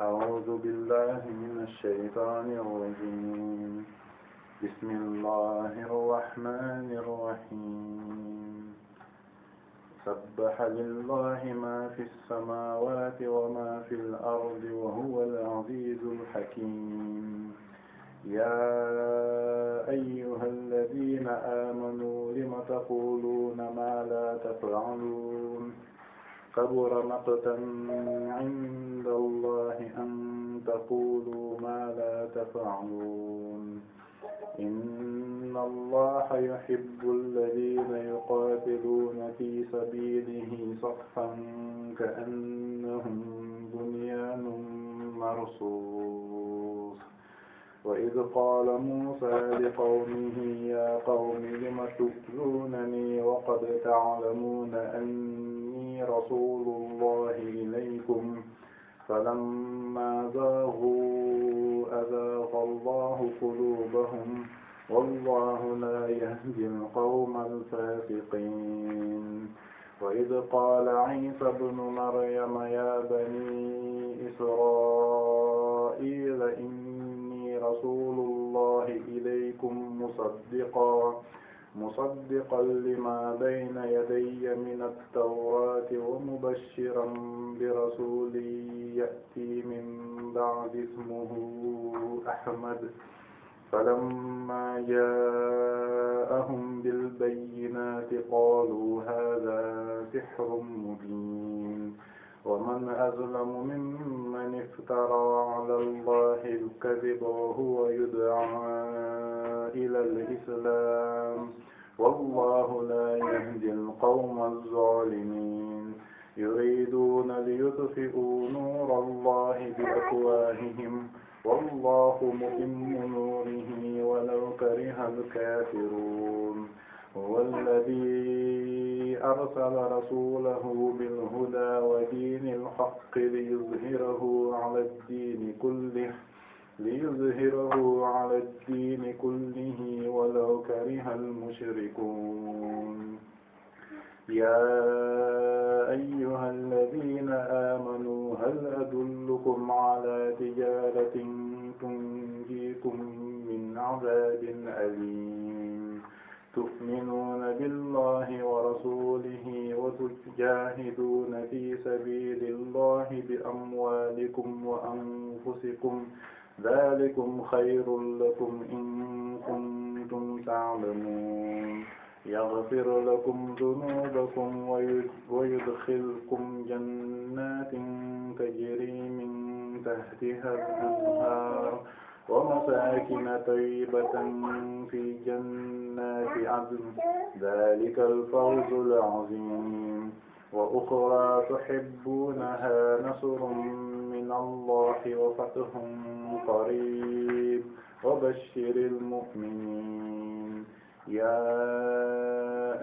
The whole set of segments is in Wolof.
أعوذ بالله من الشيطان الرجيم بسم الله الرحمن الرحيم سبح لله ما في السماوات وما في الأرض وهو العزيز الحكيم يا أيها الذين آمنوا لم تقولون ما لا تفعلون kabura maqtan inda allahi an taqulu ma la taf'alun inna allaha yuhibbu alladhina yuqatiluna fi sabilihi saffan ka'annahum bunyanun marsus وإذ قال موسى لقومه يا قوم لم تؤذونني وقد تعلمون أني رسول الله إليكم فلما زاغوا أزاغ الله قلوبهم والله لا يهدي القوم الفاسقين وإذ قال عيسى ابن مريم يا بني إسرائيل إني rasulullahi ilaykum musaddiqan musaddiqan lima bayna yadayya mina at-tawraati wa mubashiran bi rasulin ya'ti min ba'di ismuhu Ahmad falammaa jaa'ahum bil bayyinaati qaaluu haazaa sihrun mubiin ومن أظلم ممن افترى على الله الكذب وهو يدعى إلى الإسلام والله لا يهدي القوم الظالمين يريدون ليطفئوا نور الله بأفواههم والله متم نوره ولو كره الكافرون هو الذي أرسل رسوله بالهدى ودين الحق ليظهره على الدين كله ليظهره على الدين كله ولو كره المشركون يا أيها الذين آمنوا هل أدلكم على تجارة تنجيكم من عذاب أليم تؤمنون بالله ورسوله وتجاهدون في سبيل الله بأموالكم وأنفسكم ذلكم خير لكم إن كنتم تعلمون يغفر لكم ذنوبكم ويدخلكم جنات تجري من تحتها الأنهار ومساكن طيبة في جنات عدن ذلك الفوز العظيم وأخرى تحبونها نصر من الله وفتح قريب وبشر المؤمنين يا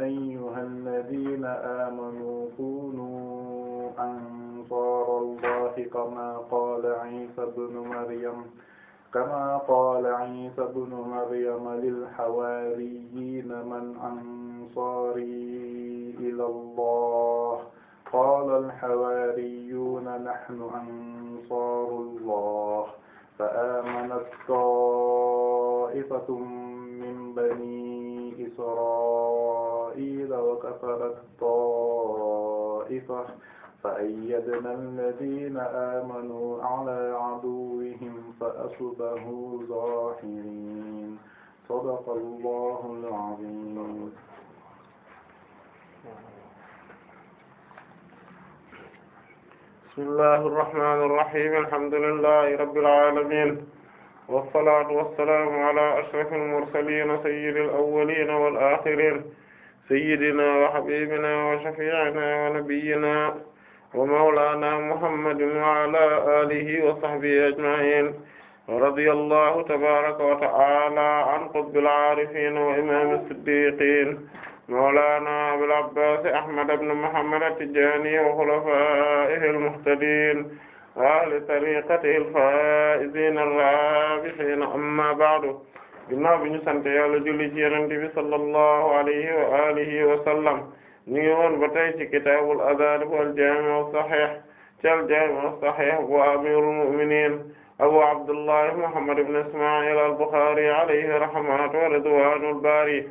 أيها الذين آمنوا كونوا أنصار الله كما قال عيسى ابن مريم kama qaala Iisaa bnu Maryama lilxawaariyyiina man ansaarii ilaa Allah qaala alxawaariyyuuna naxnu ansaaru Allah fa aamanat taa'ifatun min banii Israa'iila wa kafarat taa'ifa فأيدنا الذين آمنوا على عدوهم فأصبحوا ظاهرين صدق الله العظيم بسم الله الرحمن الرحيم الحمد لله رب العالمين والصلاة والسلام على أشرف المرسلين سيد الأولين والآخرين سيدنا وحبيبنا وشفيعنا ونبينا wa mawlaana muhammadin wa alaa aalihi wa sahbihi ajma'iin radiyallahu tabaaraka wa ta'aala an qutbil aarifiin wa imaami siddiqiin mawlaana abil abbaas ahmad ibn muhammad at-tijaani wa xulafaa'ihi al-muhtadiin wa ahli tariiqatihi al-faa'iziina ar-raabihiin amma ba'du ginnaaw bi ñu sant Yàlla julli ci Yonent bi sallallahu alayhi wa aalihi wa sallam ñu ngi woon ba tey ci kitaabul adaan bu al-jaami' as-sahiih ci al-jaami' as-sahiih bu amiirul mu'miniin abu abdullah muhammad ibn isma'il al-Bukhari alayhi rahmatu wa ridwaanul baari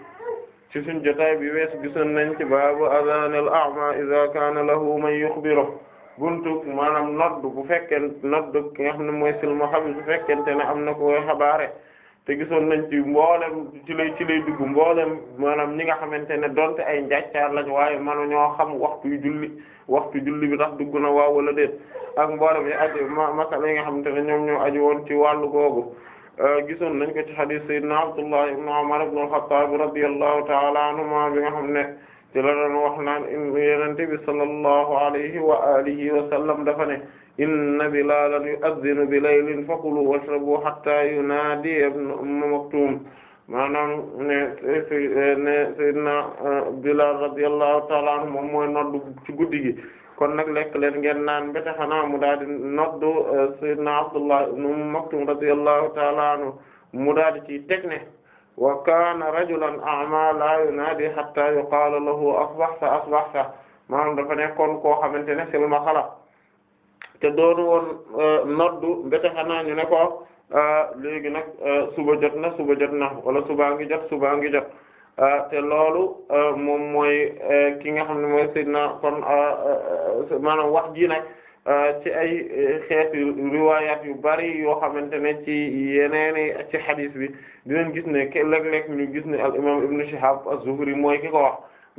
ci suñ jotaay bi wees gisoon nañ ci baabu adaanil a'maa izaa kaana lahu man yukhbiruhu buntu maanaam nodd bu fekkee nodd ki nga xam ne mooy silmaxa bi bu fekkente ne am na ko xabaare te gisoon nañ ci mboolem ci lay ci lay dugg mboolem maanaam ñi nga xamante ne donte ay njàccaar lañ waaye manu ñoo xam waxtu yu julli waxtu julli bi tax dugg na waaw wala déet ak mboole yi aju masala yi nga xamante ne ñoom ñoo aju woon ci wàllu googu euh, gisoon nañ ko ci hadith na Abdullah ibn Umar ibn al-Khattab radiyallahu ta'ala anhuma bi nga xam ne ci la wax naan yenente bi sallallahu alayhi wa alihi wa sallam dafa ne inna bilalan yu'adhdhinu bi laylin fakulu washrabu hatta yunaadi ibn umm maktum maanaam ne ne sayyidina uh, bilal radiyallahu ta'ala anhu moom mooy noddu ci guddi gi kon nag lekk leen ngeen naan mbete xanaa mu daal di noddu uh, sayyidina abdullah ibn umm maktum radiyallahu ta'ala anhu mu daal di ci teg ne wa kaana rajulan a'maa laa yunaadi hatta yuqaala lahu asbahta asbahta maanaam dafa nekkoon koo xamante ne silma xala te doonu woon euh, noddu mbete xanaa ñu ne ko euh, léegi nag euh, suba jot na suba jot na wala subaa ngi jot subaa ngi jot te loolu moom mooy ki nga xam ne mooy sayyidna kon maanaam wax ji nag ci ay xeeti riwayat yu bari yoo xamante ne ci yeneeni ci xadis bi dinañ gis ne léeg-léeg ñu gis ne al imam ibnu Shihab az-Zuhri mooy ki ko wax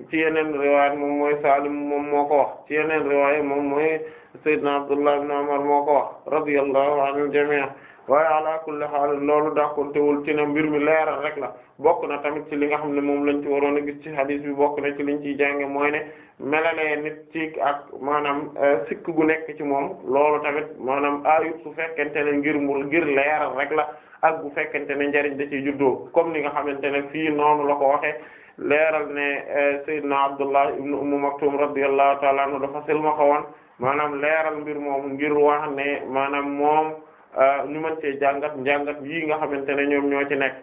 ci yeneen riwaayat moom mooy Salim moom moo ko wax ci yeneen riwaayat moom mooy Seydina Abdullah ibn Umar moo ko wax radiyallahu anil jamii waaye ala kulli haal loolu dàqontewul ci ne mbir mi leeral rek la bokk na tamit ci li nga xam ne moom lañ ci waroon a gis ci hadith bi bokk na ci liñ ciy jànge mooy ne melalee nit ci ak maanaam euh, sikk gu nekk ci moom loolu tamit maanaam ayut su fekkente ne ngir mu ngir leeral rek la ak bu fekkente ne njariñ da ciy juddoo comme ni nga xamante ne fii noonu la ko leeral ne euh, Seydina Abdullah ibn Umm Maktum radiyallahu ta'ala anhu dafa silma xawoon maanaam leeral mbir moomu ngir wax ne maanaam moom euh, ñu mën cee jàngat njàngat yii nga xamante ne ñoom ñoo ci nekk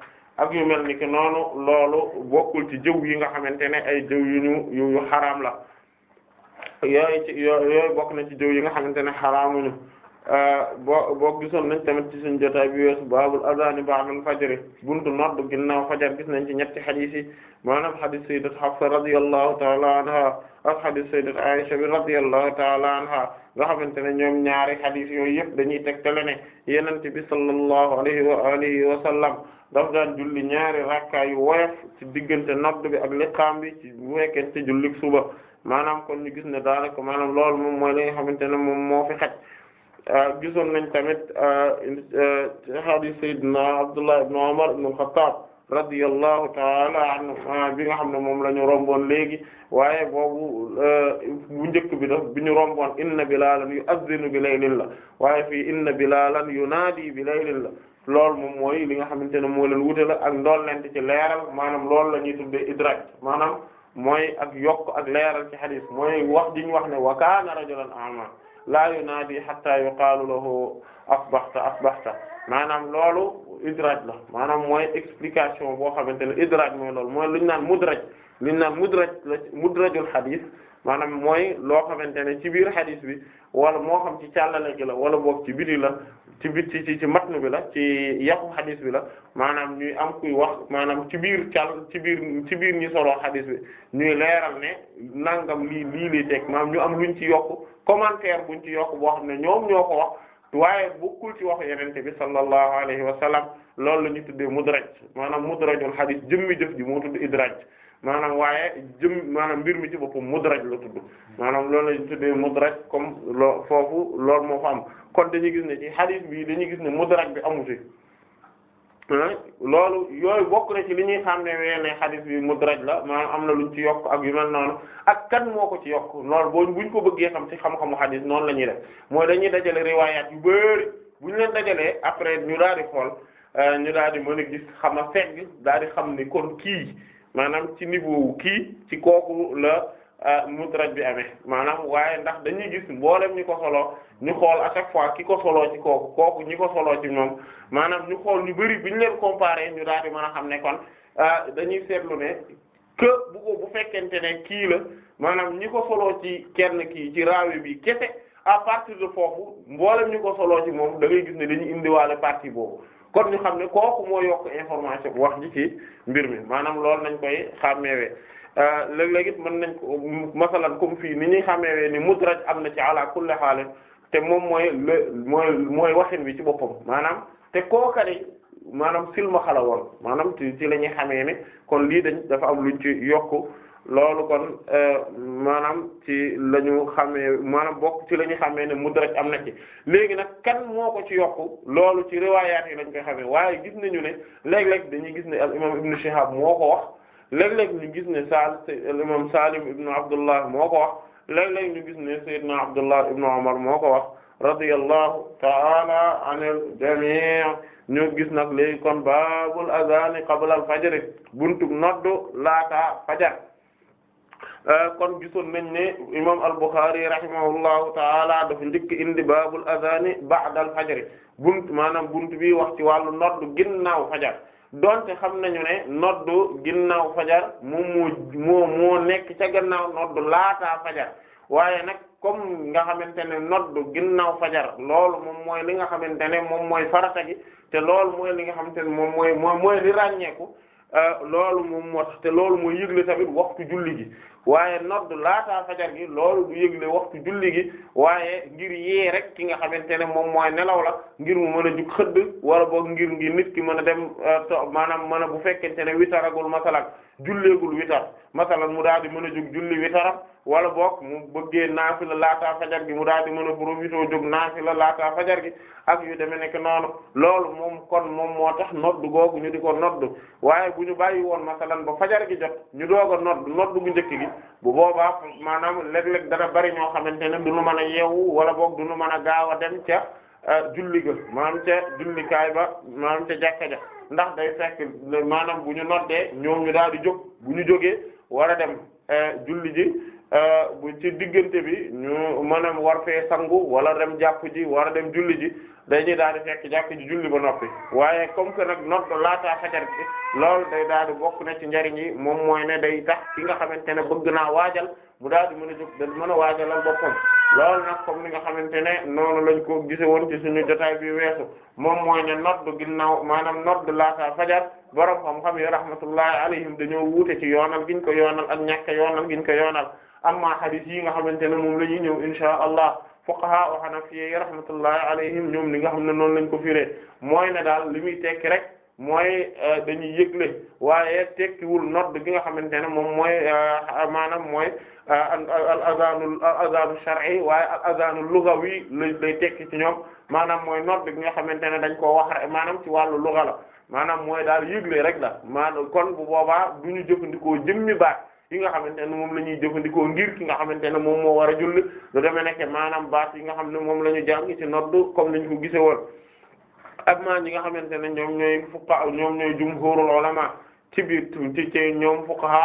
ak yu mel ni ki noonu loolu bokkul ci jëw yi nga xamante ne ay jëw yu ñu yu xaraam la yooyu ci yooyu bokk na ci jëw yi nga xamante ne xaraamuñu euh, boo boo gisoon nañ tamit ci suñ jotaay bi weesu baabul adaan ba'dal fajr buntu nodd ginnaaw fajar gis nañ ci ñetti xadiis yi maanaam xadiis sayyidat Hafsa radiyallahu ta'ala ak xadis sayyidat Aisha bi radiyallahu ta'ala anha nga xamante ne ñoom ñaari xadis yooyu yëpp dañuy tegtale ne yenente bi sallallahu alayhi wa alihi wa sallam daf daan julli ñaari rakkaa yu woyof ci diggante nodd bi ak liqaam bi ci bu fekkente julli suba maanaam kon ñu gis ne daanaka maanaam lool moom moo li nga xamante ne moom moo fi xaj euh, gisoon nañ tamit hadith euh, euh, sayyidina Abdullah ibn Umar ibn al-Khattab radiyallahu ta'ala anhu bi nga xam ne moom la ñu romboon léegi waaye boobu euh, bu njëkk bi daf bi ñu romboon inna bilalan yu'adhdhinu bi laylin la waaye fii inna bilalan yunaadi bi laylin la lool moom mooy li nga xamante ne moo leen wute la ak ndollent ci leeral maanaam loolu la ñuy tuddee idrak maanaam mooy ak yokk ak leeral ci hadis mooy wax diñ wax ne wa kaana rajulan a'ma laa yunaadi hatta yuqaalu lahu asbahta asbahta maanaam loolu idraj la maanaam mooy explication boo xamante ne idraj mooy loolu mooy lu ñu naan mudraj li naan mudraj mudrajul xadis maanaam mooy loo xamante ne ci biir xadis bi wala moo xam ci càllale gi la wala boog ci biti la ci biti ci ci matn bi la ci yàqu xadis bi la maanaam ñuy am kuy wax maanaam ci biir càll ci biir ci biir ñi soloo xadis bi ñuy leeral ne nangam lii lii lay teg maam ñu am luñ ci yokk commentaire buñ ci yokk boo xam ne ñoom ñoo ko wax waaye kul ci waxu yenente bi sallallahu alayhi wa sallam loolu la ñu tuddee mudraj maanaam mudrajul xadis jëmmi jëf ji moo tudd idraj maanaam waaye jëm maanaam mbir mi ci boppam mudraj la tudd maanaam loolu lañ tuddee mudraj comme loo foofu loolu moo fa am kon dañuy gis ne ci hadith bii dañuy gis ne mudraj bi amu ci loolu yooyu bokk na ci li ñuy xam ne ne hadith bi mudraj la maanaam am na lu luñ ci yokk ak yu mel noonu ak kan moo ko ci yokk loolu boo buñ ko bëggee xam ci xam-xamu hadith noonu la ñuy def mooy dañuy dajale riwaayaat yu bëri ñu leen dajalee après ñu daal di xool euh, ñu daal gis xam a fekk daal di xam ni kon kii. maanaam ci niveau kii ci kooku la euh, mudraj bi amee maanaam waaye ndax dañuy gis mboolem ñi ko soloo ñu xool à chaque fois ki ko soloo ci kooku kooku ñi ko soloo ci moom maanaam ñu xool ñu bari bi ñu leen comparé ñu daal di mën a xam ne kon euh, dañuy seetlu ne que bu bu fekkente ne kii la maanaam ñi ko soloo ci kenn kii ci raawe bi kese à partir de foofu mboolem ñi ko soloo ci moom da ngay gis ne dañuy indiwaale partie boobu kon ñu xam ne kooku moo yokk information wax ji ci mbir mi maanaam loolu nañ koy xàmmeewee euh, léeg-léeg it mën nañ ko masalan comme fii ni ñuy xàmmeewee ni mudraj am na ci ala kulli haal te moom mooy le mooy mooy waxin bi ci boppam maanaam te kooka ni maanaam silma xala woon maanaam ci ci la xamee ne kon lii dañ dafa am luñ ci yokk loolu kon euh, maanaam ci lañu ñu xamee maanaam bokk ci la ñu xamee ne mudraj am na ci léegi nag kan moo ko ci yokku loolu ci riwaayaat yi lañ koy xamee waaye gis nañu ne léeg-léeg dañuy gis ne al imam ibnu Shihab moo ko wax léeg-léeg ñu gis ne Saal al imam Salim ibnu Abdullah moo ko wax léeg-léeg ñu gis ne Seydina Abdullah ibnu Umar moo ko wax radiyallahu ta'ala anil jami' ñu gis nag léegi kon baabul adhan qabla al fajr buntub noddu laata fajar Euh, kon gisoon nañ ne imam al-Bukhari rahimahullahu taala dafa ndikk indi baabul azani ba'dal fajri bunt maanaam bunt bi wax ci wàllu noddu ginnaaw fajar donte xam nañu ne noddu ginnaaw fajar moom moo moo nekk ca gannaaw noddu laata fajar waaye nag comme nga xamante ne noddu ginnaaw fajar loolu moom mooy li nga xamante ne moom mooy farata gi te loolu mooy li nga xamante ne moom mooy mooy mooy li Euh, loolu moom moo te loolu mooy yëgle tamit waxtu julli gi waaye nodd laataa fajar gi loolu du yëgle waxtu julli gi waaye ngir yee rek ki nga xamante ne moom mooy nelaw la ngir mu mën a jug xëdd wala boog ngir ngir nit ki mën a dem euh, maanaam mën a bu fekkente ne witaragul masalan julleegul witar masalan mu daal di mën a jug julli witaram wala boog mu bëggee naafila laataa fajar gi mu daal di mën a profité jóg naafila laataa fajar gi ak yu demee nekk noonu loolu moom kon moom moo tax noddu googu ñu di ko noddu waaye bu ñu bàyyi woon masalan ba fajar gi jot ñu doog a noddu noddu gu njëkk gi bu boobaa maanaam léeg-léeg dana bari ñoo xamante ne du ñu mën a yeewu wala boog du ñu mën a gaaw a dem ca euh, julli maanaam ca jullikaay ba maanaam ca jàkka ja ndax day fekk maanaam bu ñu noddee ñoom ñu daal di jóg bu ñu jógee war a dem euh, julli ji Euh, bu ci diggante bi ñu maanaam war fee sangu wala dem jàpp ji war a dem julli ji dañuy daal di fekk jàpp ji julli ba noppi waaye comme que nag nodd laataa fajar bi loolu day daal bokk na ci njariñ yi moom mooy ne day tax ki nga xamante ne bëgg naa waajal mu daal di mën a jóg mën a waajalal boppam loolu nag comme ni nga xamante ne noonu lañ ko gise woon ci suñu jotaay bi weesu moom mooy ne ginnaaw maanaam nodd laataa fajar borom xam-xam yi rahmatullahi alayhim dañoo wuute ci yoonal giñ ko yoonal ak ñàkk yoonal giñ ko yoonal amma hadith yi nga xamante ne moom la ñuy ñëw insha allah fuqaha wa hanafiyya rahmatullahi alayhim ñoom li nga xam ne noonu lañ ko firee mooy ne daal li muy tekki rek mooy euh, dañuy yëgle waaye tekkiwul nodd gi nga xamante ne moom mooy euh, maanaam mooy euh, al azanul al azanu shar'i waaye al azanul lughawi lay tekki ci ñoom maanaam mooy nodd gi nga xamante ne dañ koo wax rek maanaam ci wàllu lugha la maanaam mooy daal yëgle rek la maanaam kon bu boobaa du ñu jëfandikoo jëmmi baat yi nga xamante ne moom la ñuy jëfandikoo ngir ki nga xamante ne moom moo war a julli lu demee nekk maanaam baat yi nga xam ne moom la ñu jàng ci noddu comme lañ ko gisee woon ak maa ñi nga xamante ne ñoom ñooy fuqaha ñoom ñooy jumhurul ulama ci biir ci ci ñoom fuqaha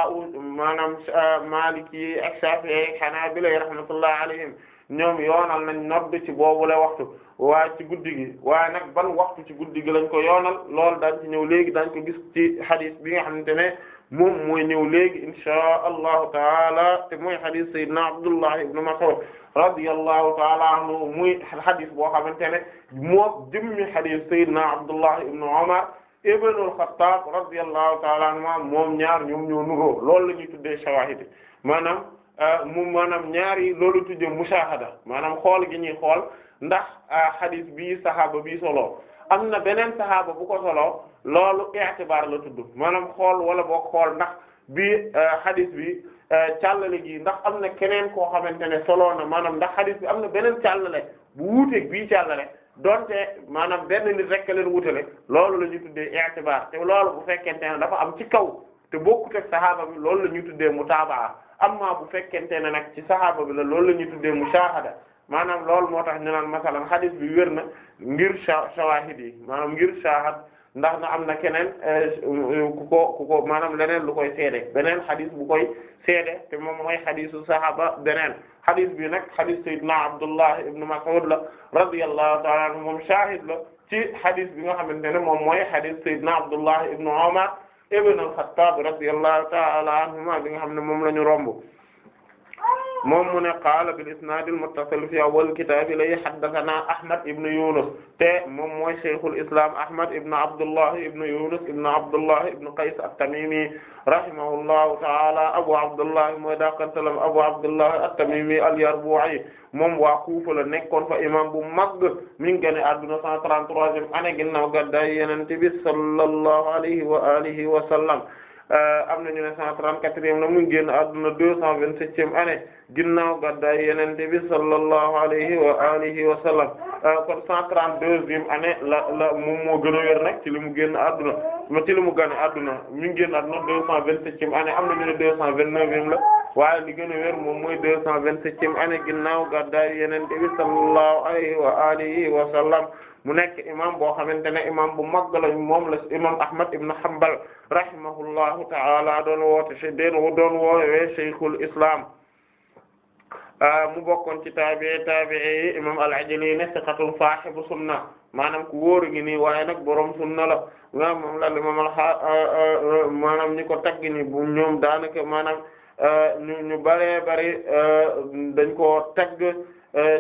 maanaam euh, maliki ak shafi'i hanabila rahmatullah alayhim ñoom yoonal nañ nodd ci boobu la waxtu waaye ci guddi gi waaye nag ban waxtu ci guddi gi lañ ko yoonal loolu daañ ci ñëw léegi dañ ko gis ci hadith bi nga xam ne moom mooy ñëw léegi inchaa allahu taala te mooy hadith sayyidina abdullah ibn mas'ud radiyallahu taala anhu muy hadith boo xamante ne moo jëmmi hadith sayyidina abdullah ibn umar ibn al-khattab radiyallahu taala anhuma moom ñaar ñoom ñoo nuroo loolu la ñuy tuddee shawahid maanaam euh, mu maanaam ñaari loolu tuddee mushahada maanaam xool gi ñuy xool ndax hadith euh, bii sahaaba bii solo am na beneen sahaaba bu ko solo loolu i'tibaar la tudd maanaam xool wala boo xool ndax bii euh, hadith bi euh, càllale gi ndax am na keneen koo xamante ne solo na maanaam ndax hadith bi am na beneen càllale bu wuuteeg bii càllale donte maanaam benn nit rek leen wutale loolu la ñuy tuddee i'tibaar te loolu bu fekkente ne dafa am ci kaw te bokkut ak saxaaba bi loolu la ñuy tuddee mutaabaa amma bu fekkente ne nag ci saxaaba bi la loolu la ñuy tuddee mushaahada maanaam loolu moo tax ñu naan masalan hadith bi wér na ngir shawaahid yi maanaam ngir shaahad. ndax na am na keneen eh, ku ko ku ko maanaam leneen lu koy seede beneen xadis bu koy seede te moom mooy xadisu sahaba beneen xadis bi nag xadis sayyidina Abdullah ibn Mas'ud la radiyallahu ta'ala anhu moom shahid la ci xadis bi nga xamante ne moom mooy xadis sayyidina Abdullah ibn Umar ibn al-Khattab radiyallahu ta'ala anhuma bi nga xam ne moom la ñu romb moom mu ne qaala bil isnaadil muttasil fi awwal kitaab ilay haddathanaa Ahmad ibn Yunus te moom mooy shaykhul islam Ahmad ibn Abdullah ibn Yunus ibn Abdullah ibn Qays at-Tamimi rahimahullahu ta'ala Abu Abdullah mooy daakantalam Abu Abdullah at-Tamimi al-Yarbu'i moom waa Kufa la nekkoon fa imam bu mag mi ngi génn àdduna 133e année ginnaaw gàddaay Yonent bi sallallahu alayhi wa alihi wa sallam am nañu ne 134e la mu ngi génn àdduna 227e année ginnaaw gaddaay yonent bi sallallahu alayhi wa alihi wa sallam euh, kon cent trente-deuxième la la moom moo gën a ci li mu génn adduna ma ci li mu gane ñu ne deux cent vingt la waaye li moom mooy deux cent vingt-septième année ginnaaw gaddaay yonent bi sallallahu alayhi wa alihi wa sallam mu nekk imam boo xamante ne imam bu mag la moom la imam Ahmad ibn Hanbal rahimahullahu ta'ala doon woote doon woowee Shaykhul Islam Ah, mu bokkoon ci taabi'i taabi'i imam al-Ajli ne thiqatun saahibu sunna maanaam ku wóoru ngi waaye nag borom sunna la nga moom la imam al ah, ah, maanaam ni ko tagg ni bu ñoom daanaka maanaam ñu bare bëree bëri dañ ko tagg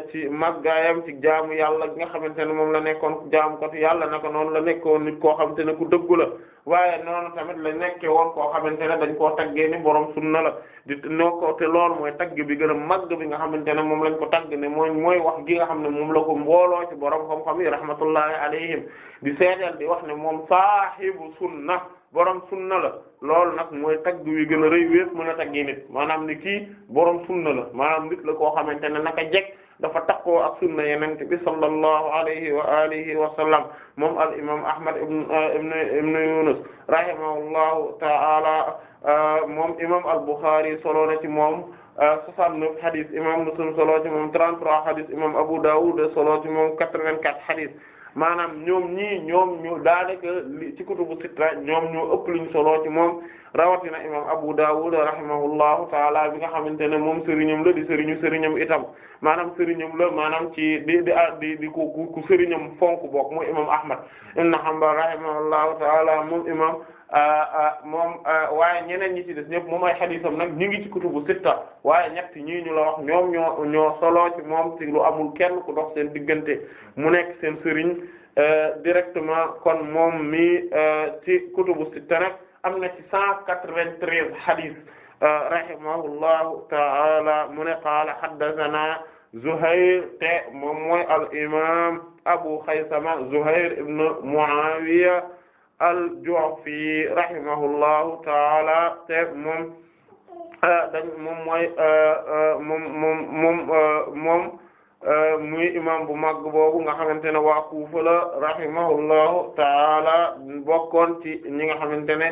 ci màggaayam ci jaamu yàlla gi nga xamante ne moom la nekkoon jaamu katu yàlla naka noonu la nekkoon nit koo xamante ne ku dëggu la waaye noonu tamit la nekkee woon koo xamante ne dañ koo taggee ni borom sunna la di noo ko te loolu mooy tagg bi gën a màgg bi nga xamante ne moom lañ ko tagg ne mooy mooy wax gi nga xam ne moom la ko mbooloo ci borom xam-xam yi rahmatullahi alayhim di seedeel di wax ne moom saahibu sunna borom sunna la lool nag mooy tagg wi gën a rëy wees mën a taggee maanaam ni kii borom sunna la maanaam nit la koo xamante ne naka jekk dafa takkoo ak sunna yenente bi sallallahu alayhi wa alihi wa sallam moom al imam ahmad ibn euh, ibn yunus rahimahullahu ta'ala euh, moom imam al bukhari solo na ci moom 69 euh, hadith imam muslim solo ci moom 33 hadith imam abu dawud solo ci moom 84 hadith maanaam ñoom ñii ñoom ñu daanaka li ci kutubu sitta ñoom ñoo ëpp luñ solo ci moom rawatina imam Abu Dawud rahimahullahu taala bi nga xamante ne moom sëriñam la di sëriñu sëriñam itam maanaam sëriñam la maanaam ci di di ah, di di ku ku sëriñam fonk bokk mooy imam Ahmad ibn Hanbal rahimahullahu taala moom imam ah, ah, moom waaye ñeneen ñi ci des ñëpp moom ay xadiisam nag ñu ngi ci kutubu sitta waaye ñett ñii ñu la wax ñoom ñoo ñoo solo ci moom ci lu amul kenn ku dox seen diggante mu nekk seen sëriñ eh, directement kon moom mi eh, ci kutubu sitta nag am na ci cent quatre-vingt-treize hadith euh, rahimahullahu ta'ala mu ne qaala haddathana Zuhair te moom mooy al imam Abu Khaysama Zuhair ibn Muawiya al-Ju'fi rahimahullahu ta'ala te moom euh, dañ moom mooy euh, moom moom moom moom muy imam bu mag boobu nga xamante ne waa Kufa la rahimahullahu ta'ala bokkoon ci ñi nga xamante ne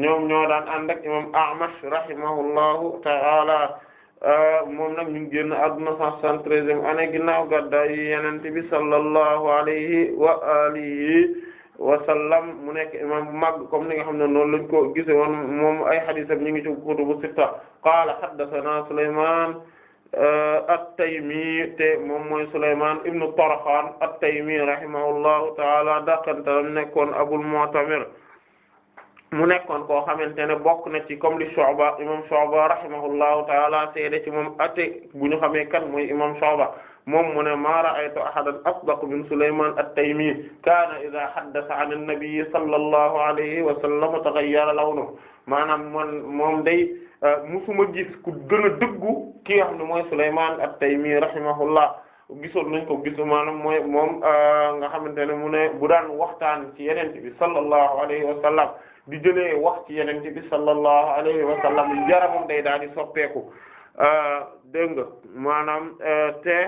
ñoom ñoo daan ànd ak imam Ahmad rahimahullahu ta'ala euh, moom nag ñu ngi génn àdduna 173e année ginnaaw gàddaay Yonent bi sallallahu alayhi wa alihi wa sallam mu nekk imam bu mag comme ni nga xam ne noonu lañ ko gise woon moom ay hadiisam ñu ngi ci kutubu sitta qaala haddathana Sulaymaan euh, at-Taymi te moom mooy Sulaymaan ibnu Tarxaan at-Taymi rahimahullahu ta'ala dakantalam nekkoon Abul Mu'tamir mu nekkoon koo xamante ne bokk na ci comme li Shu'ba imam Shu'ba rahimahullahu taala seede ci moom ate bu ñu xamee kan mooy imam Shu'ba moom mu ne ma ra'aytu ahadan asdaq min Sulayman at-Taymi kaana idha haddatha 'an an-nabi sallallahu alayhi wa sallam taghayyara lawnuhu maanaam man moom day eh, musuma gis ku gën a dëggu ki nga xam ne mooy Sulayman at-Taymi rahimahullah gisoon nañ ko gis maanaam mooy moom euh, nga xamante ne mu ne bu daan waxtaan ci yenente bi sallallahu alayhi wa sallam di jëlee wax ci yeneen yenente bi sallallahu alayhi wa sallam yaramam day daal di soppeeku euh, dégg nga maanaam euh, te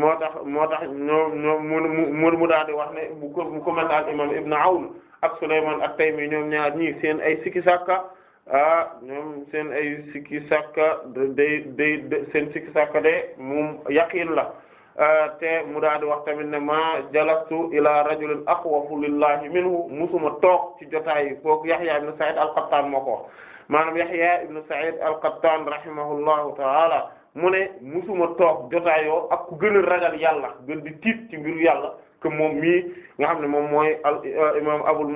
moo tax moo tax ñoom ñoom mu mu daal di wax ne bu mu ko mel al imam Ibn Awn ak Sulaymaan ak Taymi ñoom ñaar ñii seen ay sikki a ah, ñoom seen ay sikki sakka day day seen de moom yaqin la ah, te mu daal di wax tamit ne ma jalastu ila rajulin aqwafu lillahi minhu musuma toog ci jotaay boog Yahya ibn Sa'id al-Qattan moo ko wax maanaam Yahya ibn Sa'id al-Qattan rahimahullahu ta'ala mu ne musuma toog jotaayoo ak ku gën a ragal yàlla gën di tiit ci mbiru yàlla que moom mii nga xam ne moom mooy al imam Abul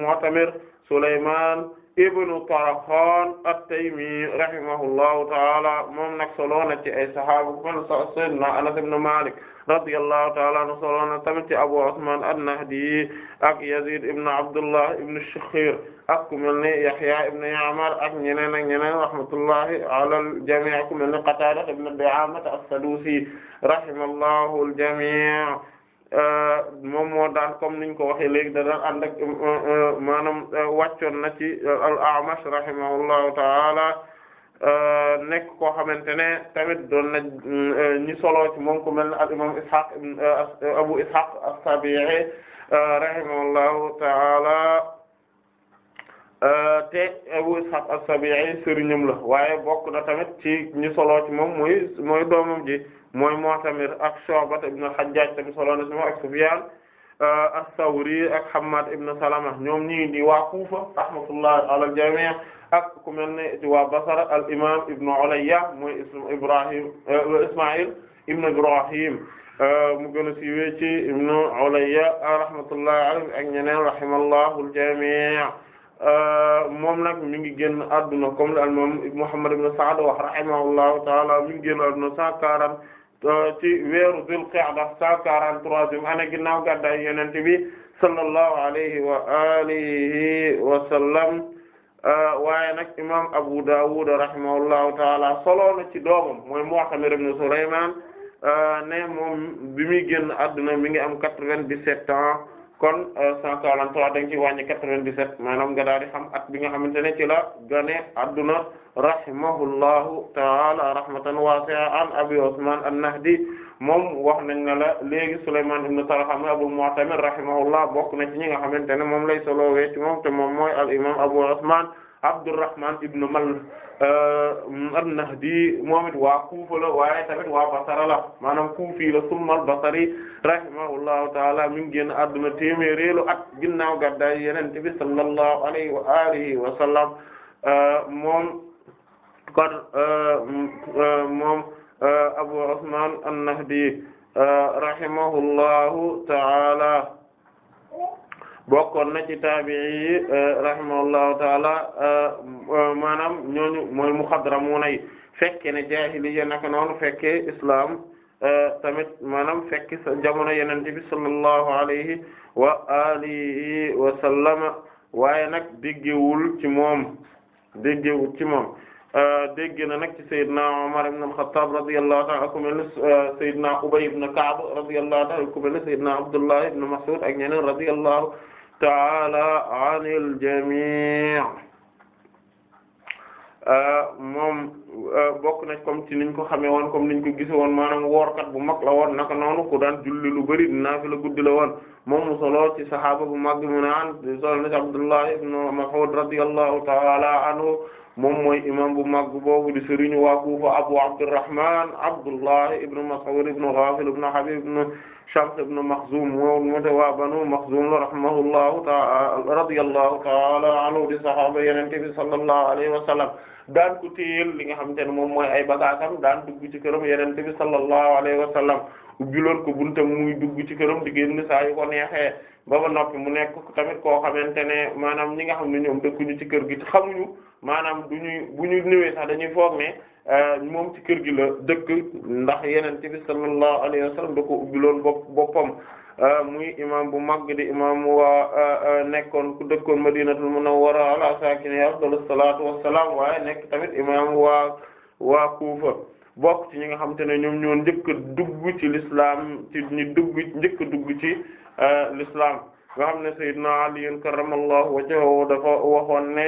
Sulaymaan ibnu Taraxaan at-Taymi rahimahullahu taala moom nag solo na ci ay sahaaba kon sayyidina Anas ibn Malik radiyallahu taala anhu solo na tamit ci Abu Usman an-Nahdi ak Yazid ibn Abdullah ibn Shikhkhir ak ku mel ne Yahya ibn Ya'mar ak ñeneen ak ñeneen rahmatullahi ala al-jami' ku mel ne Qatada ibn Di'aama as-Sadusi rahimallahu al-jami' Euh, moom moo daan comme niñ ko waxee léegi da daan ànd ak euh, euh, maanaam wàccoon na ci al-A'mash rahimahullahu ta'ala nekk koo xamante ne tamit doon na ñi solo moom ku mel ne al-imam Ishaq Abu Ishaq as-Sabi'i rahimahullahu ta'ala te Abu Ishaq as-Sabi'i sëriñam la waaye bokk na tamit ci ñi solo ci moom muy mooy doomam ji mooy Mu'tamir ak Shu'ba ibn al-Hajjaj tamit solo na ci moom ak Sufyan euh, as-Sawri ak Hammad ibn Salama ñoom ñii di waa Kufa rahmatullahi ala al-jami' ak ku mel ne ci waa Basra al-imam Ibn Ulayya mooy Ibrahim euh, Isma'il ibn Ibrahim euh, mu gën a siiwee ci Ibn Ulayya rahmatullahi alayhi ak ñeneen rahimallahu al-jami' moom nag mi ngi génn adduna comme le al-imam Muhammad ibn Sa'd wax rahimahullahu ta'ala mi ngi génn adduna cent quarante Euh, ci weeru Dul Qa'da cent quarante-troisième année ginnaaw gàddaay Yonent bi sallallahu alayhi wa alihi wa sallam euh, waaye nag imam Abu Dawud rahimahullahu taala solo na ci doomam mooy Mu'tamir ibn Sulaymaan euh, ne moom bi muy génn adduna mi ngi am quatre-vingt-dix-sept ans kon cent quarante-trois dañ ci wàññi quatre-vingt-dix-sept maanaam nga daal xam at bi nga xamante ne ci la gane adduna rahimahullahu ta'ala rahmatan wasi'a an abi Usman an-Nahdi moom wax nañ ne la léegi Sulaymaan ibn Tarxaan Abul Mu'tamir rahimahullah bokk na ci ñi nga xamante ne moom lay solowee ci moom te moom mooy al imam Abu Usman Abdurrahman ibn Mal euh, an-Nahdi moom it waa Kuufa la waaye tamit waa Basra la maanaam Kuufi la summa al-Basri rahimahullahu ta'ala mi ngi génn àdduna téeméeréelu at ginnaaw gàddaay Yonent bi sallallahu alayhi wa alihi wa sallam euh, moom kon eh, eh, moom eh, Abu Usman an-Nahdi rahimahullahu ta'ala bokkoon na ci taabi'i yi rahimahullahu ta'ala maanaam ñooñu mooy muxadramuna yi fekke ne jaahiliya naka noonu fekke islam tamit maanaam fekk jamono Yonent bi sallallahu alayhi wa alihi wa sallama waaye nag déggewul ci moom déggewul ci moom Euh, dégg na nag ci Seydina Omar ibn al-Khattab radiyallahu ta'ala ku mel ne euh, Seydina Ubay ibn Ka'b radiyallahu ta'ala ku mel ne Seydina Abdullah ibn Mas'ud ak ñeneen radiyallahu ta'ala anil jami' euh, moom bokk na comme ci niñ ko xamee woon comme niñ ko gise woon maanaam woorkat bu mag la woon naka noonu ku daan julli lu bari naafila guddi la woon moom mu solo ci sahaaba bu mag mu naan solo na Abdullah ibn Mas'ud radiyallahu ta'ala anhu moom mooy imam bu mag boobu di sëriñu waa Kufa Abu Abdurrahman Abdullah ibn Mas'ud ibn Ghafil ibn Habib ibn Shams ibn Makhzum moom mooy waa Banu Makhzum rahimahullahu ta'ala radiyallahu ta'ala anhu di sahaaba Yonent bi sallallahu alayhi wa sallam daan ko téyel li nga xamante ne moom mooy ay bagaasam daan dugg ci këram Yonent bi sallallahu alayhi wa sallam ubbiloon ko buntam muy dugg ci këram di génn saa yu ko neexee ba noppi mu nekk tamit koo xamante ne maanaam ñi nga xam ne ñoom dëkkuñu ci kër gi xamuñu maanaam du ñuy bu ñu ñëwee sax dañuy foog ne euh, moom ci kër gi la dëkk ndax yenente bi sallallahu alayhi wa sallam da ko ubbi loolu bopp boppam euh, muy imam bu mag di imam waa euh, nekkoon ku dëkkoon madinatul munawwara ala saakine afdalu salaatu wassalaam waaye nekk tamit imam waa waa kuufa bokk ci ñi nga xamante ne ñoom ñoo njëkk a dugg ci l'islam ci ñi dugg njëkk a dugg ci l'islam nga xam ne sayyidina Ali karamallahu wajhahu dafa waxoon ne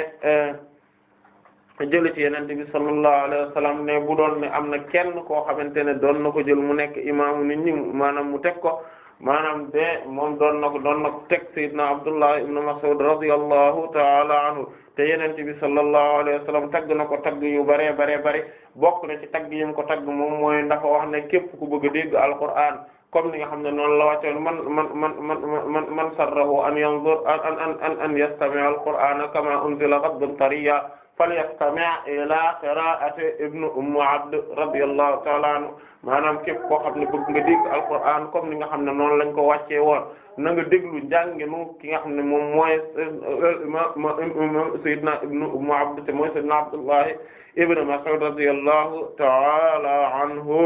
jële ci yenente bi sallallahu alayhi wa sallam ne bu doon ne am na kenn ko xamante ne doon na ko jël mu nekk imaamu nit ñi maanaam mu teg ko maanaam de moom doon na ko doon na ko teg sayyidna Abdullah ibn Mas'ud radiyallahu ta'ala anhu te yeneen bi sallallahu alayhi wa sallam tagg na ko tagg yu baree baree bari bokk na ci tagg yi mu ko tagg moom mooy ndafa wax ne képp ku bëgg a dégg alquran comme ni nga xam ne noonu la wàccoon man man man man man man sarrahu an yanzur an an an an yastami' alqur'ana kama unzila falyastami' ila qira'ati ibnu ummu abd radiyallahu ta'ala anhu maanaam képp koo xam ne bëgg nga dégg alquran comme ni nga xam ne noonu lañ ko wàccee woon na nga déglu njànginu ki nga xam ne moom mooy sayyidina ibnu ummu abd te mooy sayyidina abdullahi ibnu mas'ud radiyallahu ta'ala anhu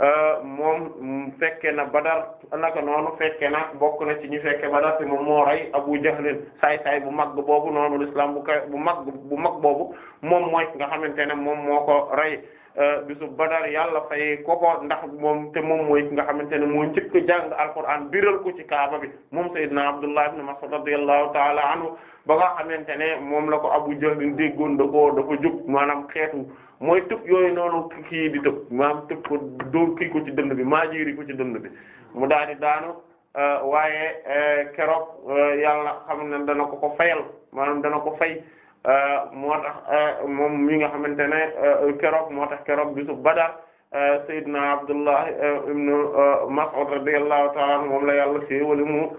Euh, moom fekke na Badar naka noonu fekke na bokk na ci ñu fekke Badar te moom moo rey Abu Jahl saay saay bu mag boobu noonu l'islam bu kay bu mag bu mag boobu moom mooy nga xamante ne moom moo ko rey euh, bisu Badar yàlla fay ko ko ndax moom te moom mooy nga xamante ne moo njëkk jàng Alquraan biral ko ci Kaaba bi moom Seydina Abdullah ibn Mas'ud radiyallahu ta'ala anhu ba nga xamante ne moom la ko Abu Jahl déggoon da koo da ko jóg maanaam xeetu mooy tëb yooyu noonu kii di tëb maanaam tëb ko dóor kii ko ci dënd bi maajeeri ko ci dënd bi mu daal di daanu euh, waaye euh, keroog euh, yàlla xam ne dana ko ko fayal maanaam dana ko fay moo tax moom mii nga xamante ne keroog moo tax keroog bisu Badar Seydina Abdullah ibn Mas'ud radiyallahu ta'ala anhu moom la yàlla xéewali mu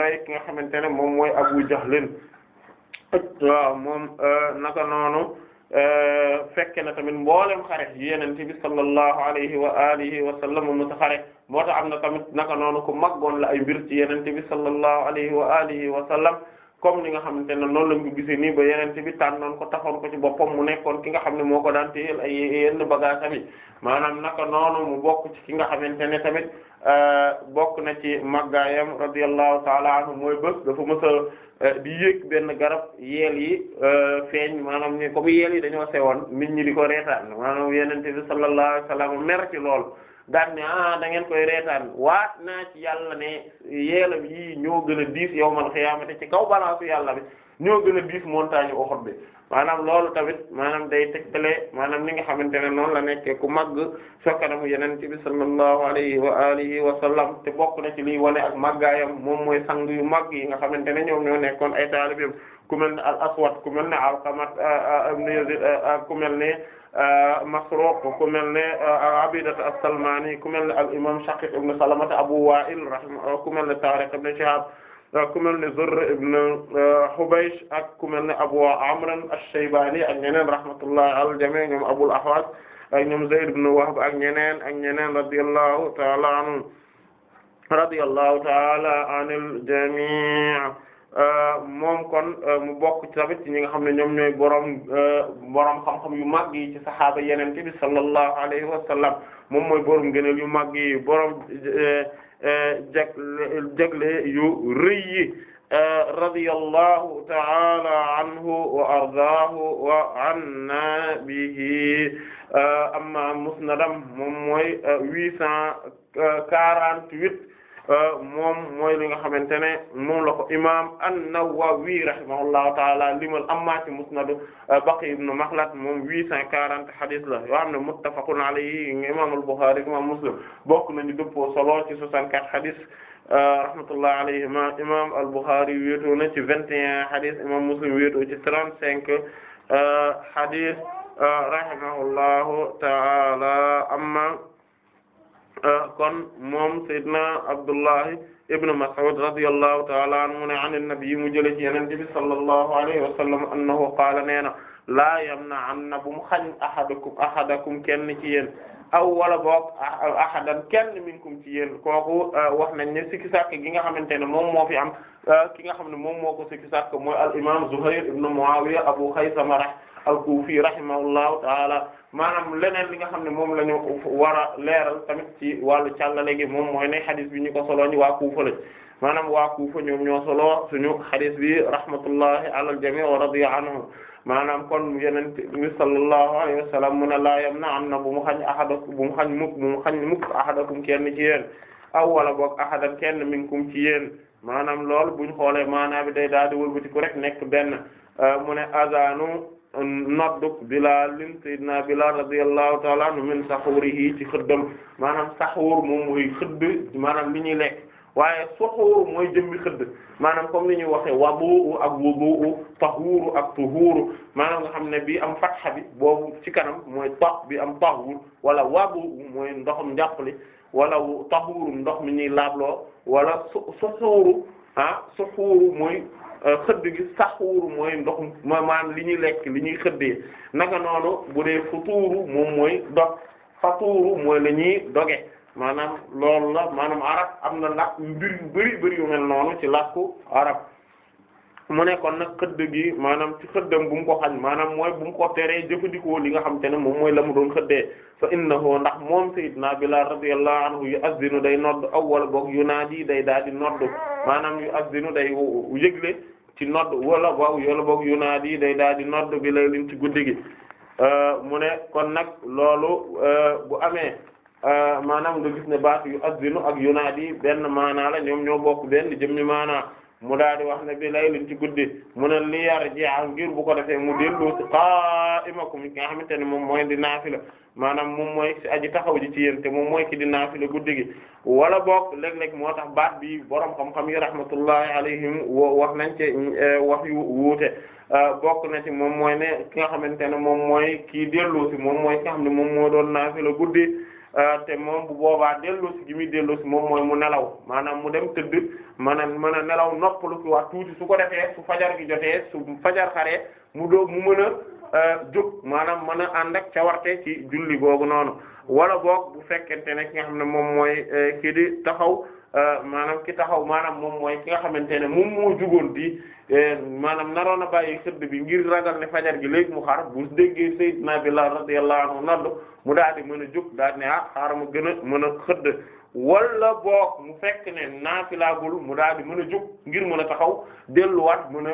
rey ki nga xamante ne moom mooy Abu Jahlin waaw moom euh, naka noonu euh, fekke na tamit mboolem xare yonent bi sallallahu alayhi wa alihi wa sallam mu sa xare moo tax am na tamit naka noonu ku maggoon la ay mbir ci yonent bi sallallahu alayhi wa alihi wa sallam comme ni nga xamante ne noonu lañ ko gisee nii ba yonent bi tànnoon ko taxoon ko ci boppam mu nekkoon ki nga xam ne moo ko daan téyel ay yenn gaa yi maanaam naka noonu mu bokk ci ki nga xam ne tamit euh, bokk na ci màggaayam radiyallahu ta'ala anhu mooy bés dafa mësa Euh, di yéeg benn garab yeel yi euh, feeñ maanaam ni comme yeel yi dañoo sewoon nit ñi di ko reetaan maanaam yenente bi sallallahu alayhi wasallam mer ci lool daan ne ah da ngeen koy reetaan waa naa ci yàlla ne yeelam yii ñoo gën a diis yawmal xiyaamati ci kaw balaasu yàlla bi ñoo gën a diis montagne Uhud bi maanaam loolu tamit maanaam day tegtale maanaam li nga xamante ne noon la nekkee ku màgg sokkanamu yeneen ci bi sallallahu alayhi wa alihi wa sallam te bokk na ci liy wane ak màggaayam moom mooy sang yu màgg yi nga xamante ne ñoom ñoo nekkoon ay taalibeem ku mel ne al aswad ku mel ne alqamat ibn yazid ku mel ne masruq ku mel ne abidata as-salmani ku mel ne al imam shaqiq abu wa'il ku mel ne tariq ibn ku mel ne Zurr ibn euh, Hubaysh ak ku mel ne Abu Amr ash-Shaybani ak ñeneen rahmatullahi alal jamii ñoom Abul Ahwas ak ñoom Zayd ibn Wahb ak ñeneen ak ñeneen radiyallahu ta'ala anhum radiyallahu ta'ala anil jamii euh, moom kon euh, mu bokk tamit ci ñi nga xam ne ñoom ñooy borom borom xam-xam yu màgg yi ci saxaaba yeneen bi sallallahu alayhi wa sallam moom mooy borom gënal yu màgg yi borom. jagle jagle yu rëy yi euh, radiyallahu ta'ala anhu wa ardaahu wa anna bihi euh, amma musnadam moom mooy euh, huit cent quarante-huit Euh, moom mooy li nga xamante ne moom la ko imaam an wii rahimahullahu taala limal amma ci musnadu euh, Baqi ibn Makhlad moom 840 hadith la yoo xam ne muttafaqun alayhi imaam al-Bukhari imaam Muslim bokk nañu dëppoo solo ci 64 hadith euh, rahmatullahi alayhima imaam al-Bukhari wéetoo na ci 21 hadith imaam Muslim wéetoo ci 35 hadith rahimahullahu taala Euh, kon moom Seydina Abdullahi ibn Mas'ud radiyallahu ta'ala anhu mu ne an an-nabi mu jële ci yonent bi sallallahu alayhi wa sallam annahu qaala nee na laa yamna'anna bu mu xañ ahadakum ahadakum kenn ci yéen aw wala boog ahadan kenn minkum ci yéen kooku euh, wax nañ ne sikki sàkk gi nga xamante ne moom moo fi am euh, ki nga xam ne moom moo ko sikki sàkk mooy al imam Zuhayr ibn Muawiya Abu Khaysama al-Kufi rahimahullahu ta'ala maanaam leneen li nga xam ne moom la ñu war a leeral tamit ci wàllu càllale gi moom mooy ne xadis bi ñu ko soloo ñu waa Kuufa lañ maanaam waa Kuufa ñoom ñoo soloo suñu xadis bi rahmatullahi alal jami wa radiya anhu maanaam kon yeneen bi sallallahu alayhi wa sallam mun na bu mu xañ ahadakum bu mu xañ mukk bu mu xañ mukk ahadakum kenn ci yéen aw wala boog ahadan kenn minkum ci yéen maanaam loolu buñ xoolee maanaam bi day daal di wëlbatiku rek nekk benn mu ne azanu nodduk Bilaal sayyidina Bilaal radiyallahu ta'ala anhu min saxuurihi ci xëddam maanam saxuur moom mooy xëdd maanaam li ñuy lekk waaye suxuur mooy jëmmi xëdd maanaam comme ni ñuy waxe wabu ak wudu tahuuru ak tuhuuru maanaam nga xam ne bii am fatxa bi boobu ci kanam mooy tax bi am tahuur wala wabu mooy ndoxum njàppali wala tahuuru ndox mi ñuy laabloo wala su suxuuru ah mooy Euh, xëdd gi saxuuru mooy ndoxum maanaam li ñuy lekk li ñuy xëddee naka noonu bu dee futuuru moom mooy dog fatuuru mooy la ñuy doge maanaam loolu la maanaam arab am na làkk mbir yu bëri bëri yu mel noonu ci lakku arab mu nekkoon nag xëdd gi maanaam ci xëddam bu mu ko xañ maanaam mooy bu ko teree jëfandikoo li nga xam te ne moom mooy la mu doon xëddee fa innahu ndax moom sayyidina Bilaal radiyallahu anhu yu azzinu day nodd awwal boog yu naa naadi day daal di nodd maanaam yu azzinu day yëgle ci nodd wala boog yola boog yunaadi yi day daal di nodd bi lay liñ ci guddi gi euh, mu ne kon nag loolu euh, bu amee euh, maanaam nga gis ne baat yu azzinu ak yunaadi benn maanaa la ñoom ñoo bokk benn jëmmi maanaa mu daal di wax ne bi lay ci guddi mu ne li yar jeex ngir bu ko defee mu dellu qaa'imakum nga xamante ne moom mooy di la maanaam moom mooy aji taxaw ji ci yéen te moom mooy ki di naafila guddi gi wala boog léeg-léeg moo tax baat bi borom xam-xam yi rahmatullahi alayhim wax nañ ci eh, wax yu wuute ah, bokk na ci moom mooy ne ki nga xamante ne moom mooy kii dellu si moom mooy ki nga xam ne moom moo doon naafila guddi ah, te moom bu boobaa dellu si gi muy dellu si moom mooy mu nelaw maanaam mu dem tëdd mën a mën a nelaw noppalu ci wax tuuti su ko defee su fajar gi jotee su fajar xaree mu doog mu mën a. Euh, jóg maanaam mën a ànd ak cawarte ci julli googu noonu wala boog bu fekkente ne ki nga xam ne moom mooy euh, kii di taxaw euh, maanaam ki taxaw maanaam moom mooy ki nga xamante ne moom moo jugoon di maanaam naroon a bàyyi xëdd bi ngir ragal ne fajar gi léegi mu xaar bu déggee Sayyidina Bilaal radiyallahu anhu mu daal di mën a jóg daal di ne ah xaaral ma gën a mën a xëdd wala boog mu fekk ne naafilaagul mu daal di mën a jóg ngir mën a taxaw delluwaat mën a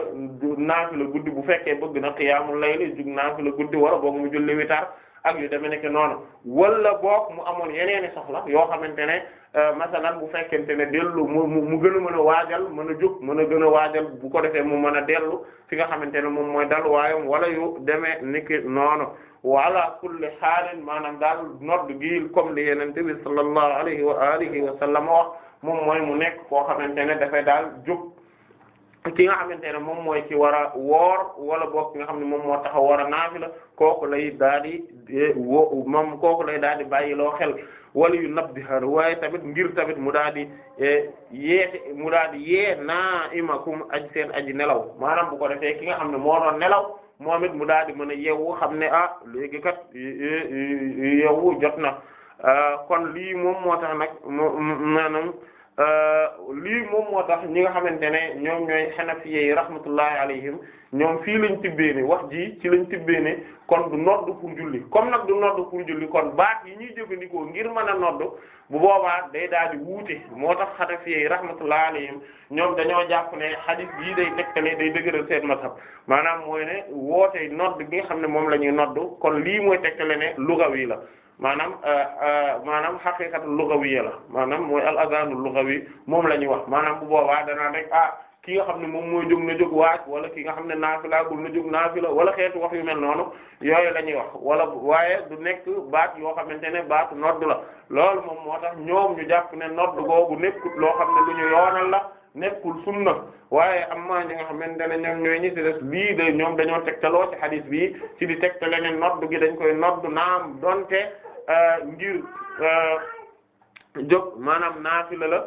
naafila guddi bu fekkee bëgg na mu xiyaamul layli jóg naafila guddi wala boog mu julli witar ak yu demee nekk noonu wala boog mu amoon yeneen yeneeni soxla yoo xamante ne euh, masalan bu fekkente ne dellu mu mu gën a mën a waajal mën a jóg mën a gën a waajal bu ko defee mu mën a dellu fi nga xamante ne moom mooy daluwaayam wala yu demee niki noonu ala kulli xaalin maanaam daal nodd gi comme li yenente bi sallallahu alayhi wa alihi wa sallam wax moom mooy mu nekk koo xamante ne dafay daal jóg ki nga xamante ne moom mooy ki war a woor wala boog ki nga xam ne moom moo taxaw war a naafila kooku lay daal di eh, wo moom kooku lay daal di bàyyiloo xel wala yu nab di xar waaye tamit ngir tamit mu daal di eh, yeete mu yee naa imakum aj seen aji nelaw maanaam bu ko defee ki nga xam ne moo nelaw moom it mu daal di mën a yeewu xam ne ah léegi kat yeewu jot na euh, kon lii moom moo tax nag maanaam euh, lii moom moo tax ñi nga xamante ne ñoom ñooy xanafiye yi rahmatullahi alayhim ñoom fii lañ tibbee ne wax jii ci lañ tibbee ne kon du nodd pour julli comme nag du nodd pour julli kon baat yi ñuy jëfandikoo ngir mën a nodd bu boobaa day daal di wuute moo tax xanafiye rahmatullah alayhim ñoom dañoo jàpp ne hadith yii day tegtale day dëgëral seen mazhab maanaam mooy ne wootee nodd gi nga xam ne moom la ñuy nodd kon lii mooy tegtale ne lugawi la maanaam euh, euh, maanaam haqiqatu lugawi la maanaam mooy al azanul lugawi moom la ñuy wax maanaam bu boobaa danaa rek ki nga xam ne moom mooy jóg na jóg waaj wala ki nga xam ne naafila bul na jóg naafila wala xeetu wax yu mel noonu yooyu la ñuy wax wala waaye du nekk baat yoo xamante ne baat nodd la lool moom moo tax ñoom ñu jàpp ne nodd googu nekkul loo xam ne lu ñu yoonal la nekkul sunna waaye amma ñi nga xamante ne ñoom ñooy ñi ci des bii da ñoom dañoo tegtaloo ci hadith bii ci di tegtale ne nodd gi dañ koy nodd naam donte euh, ngir euh, jóg maanaam naafila la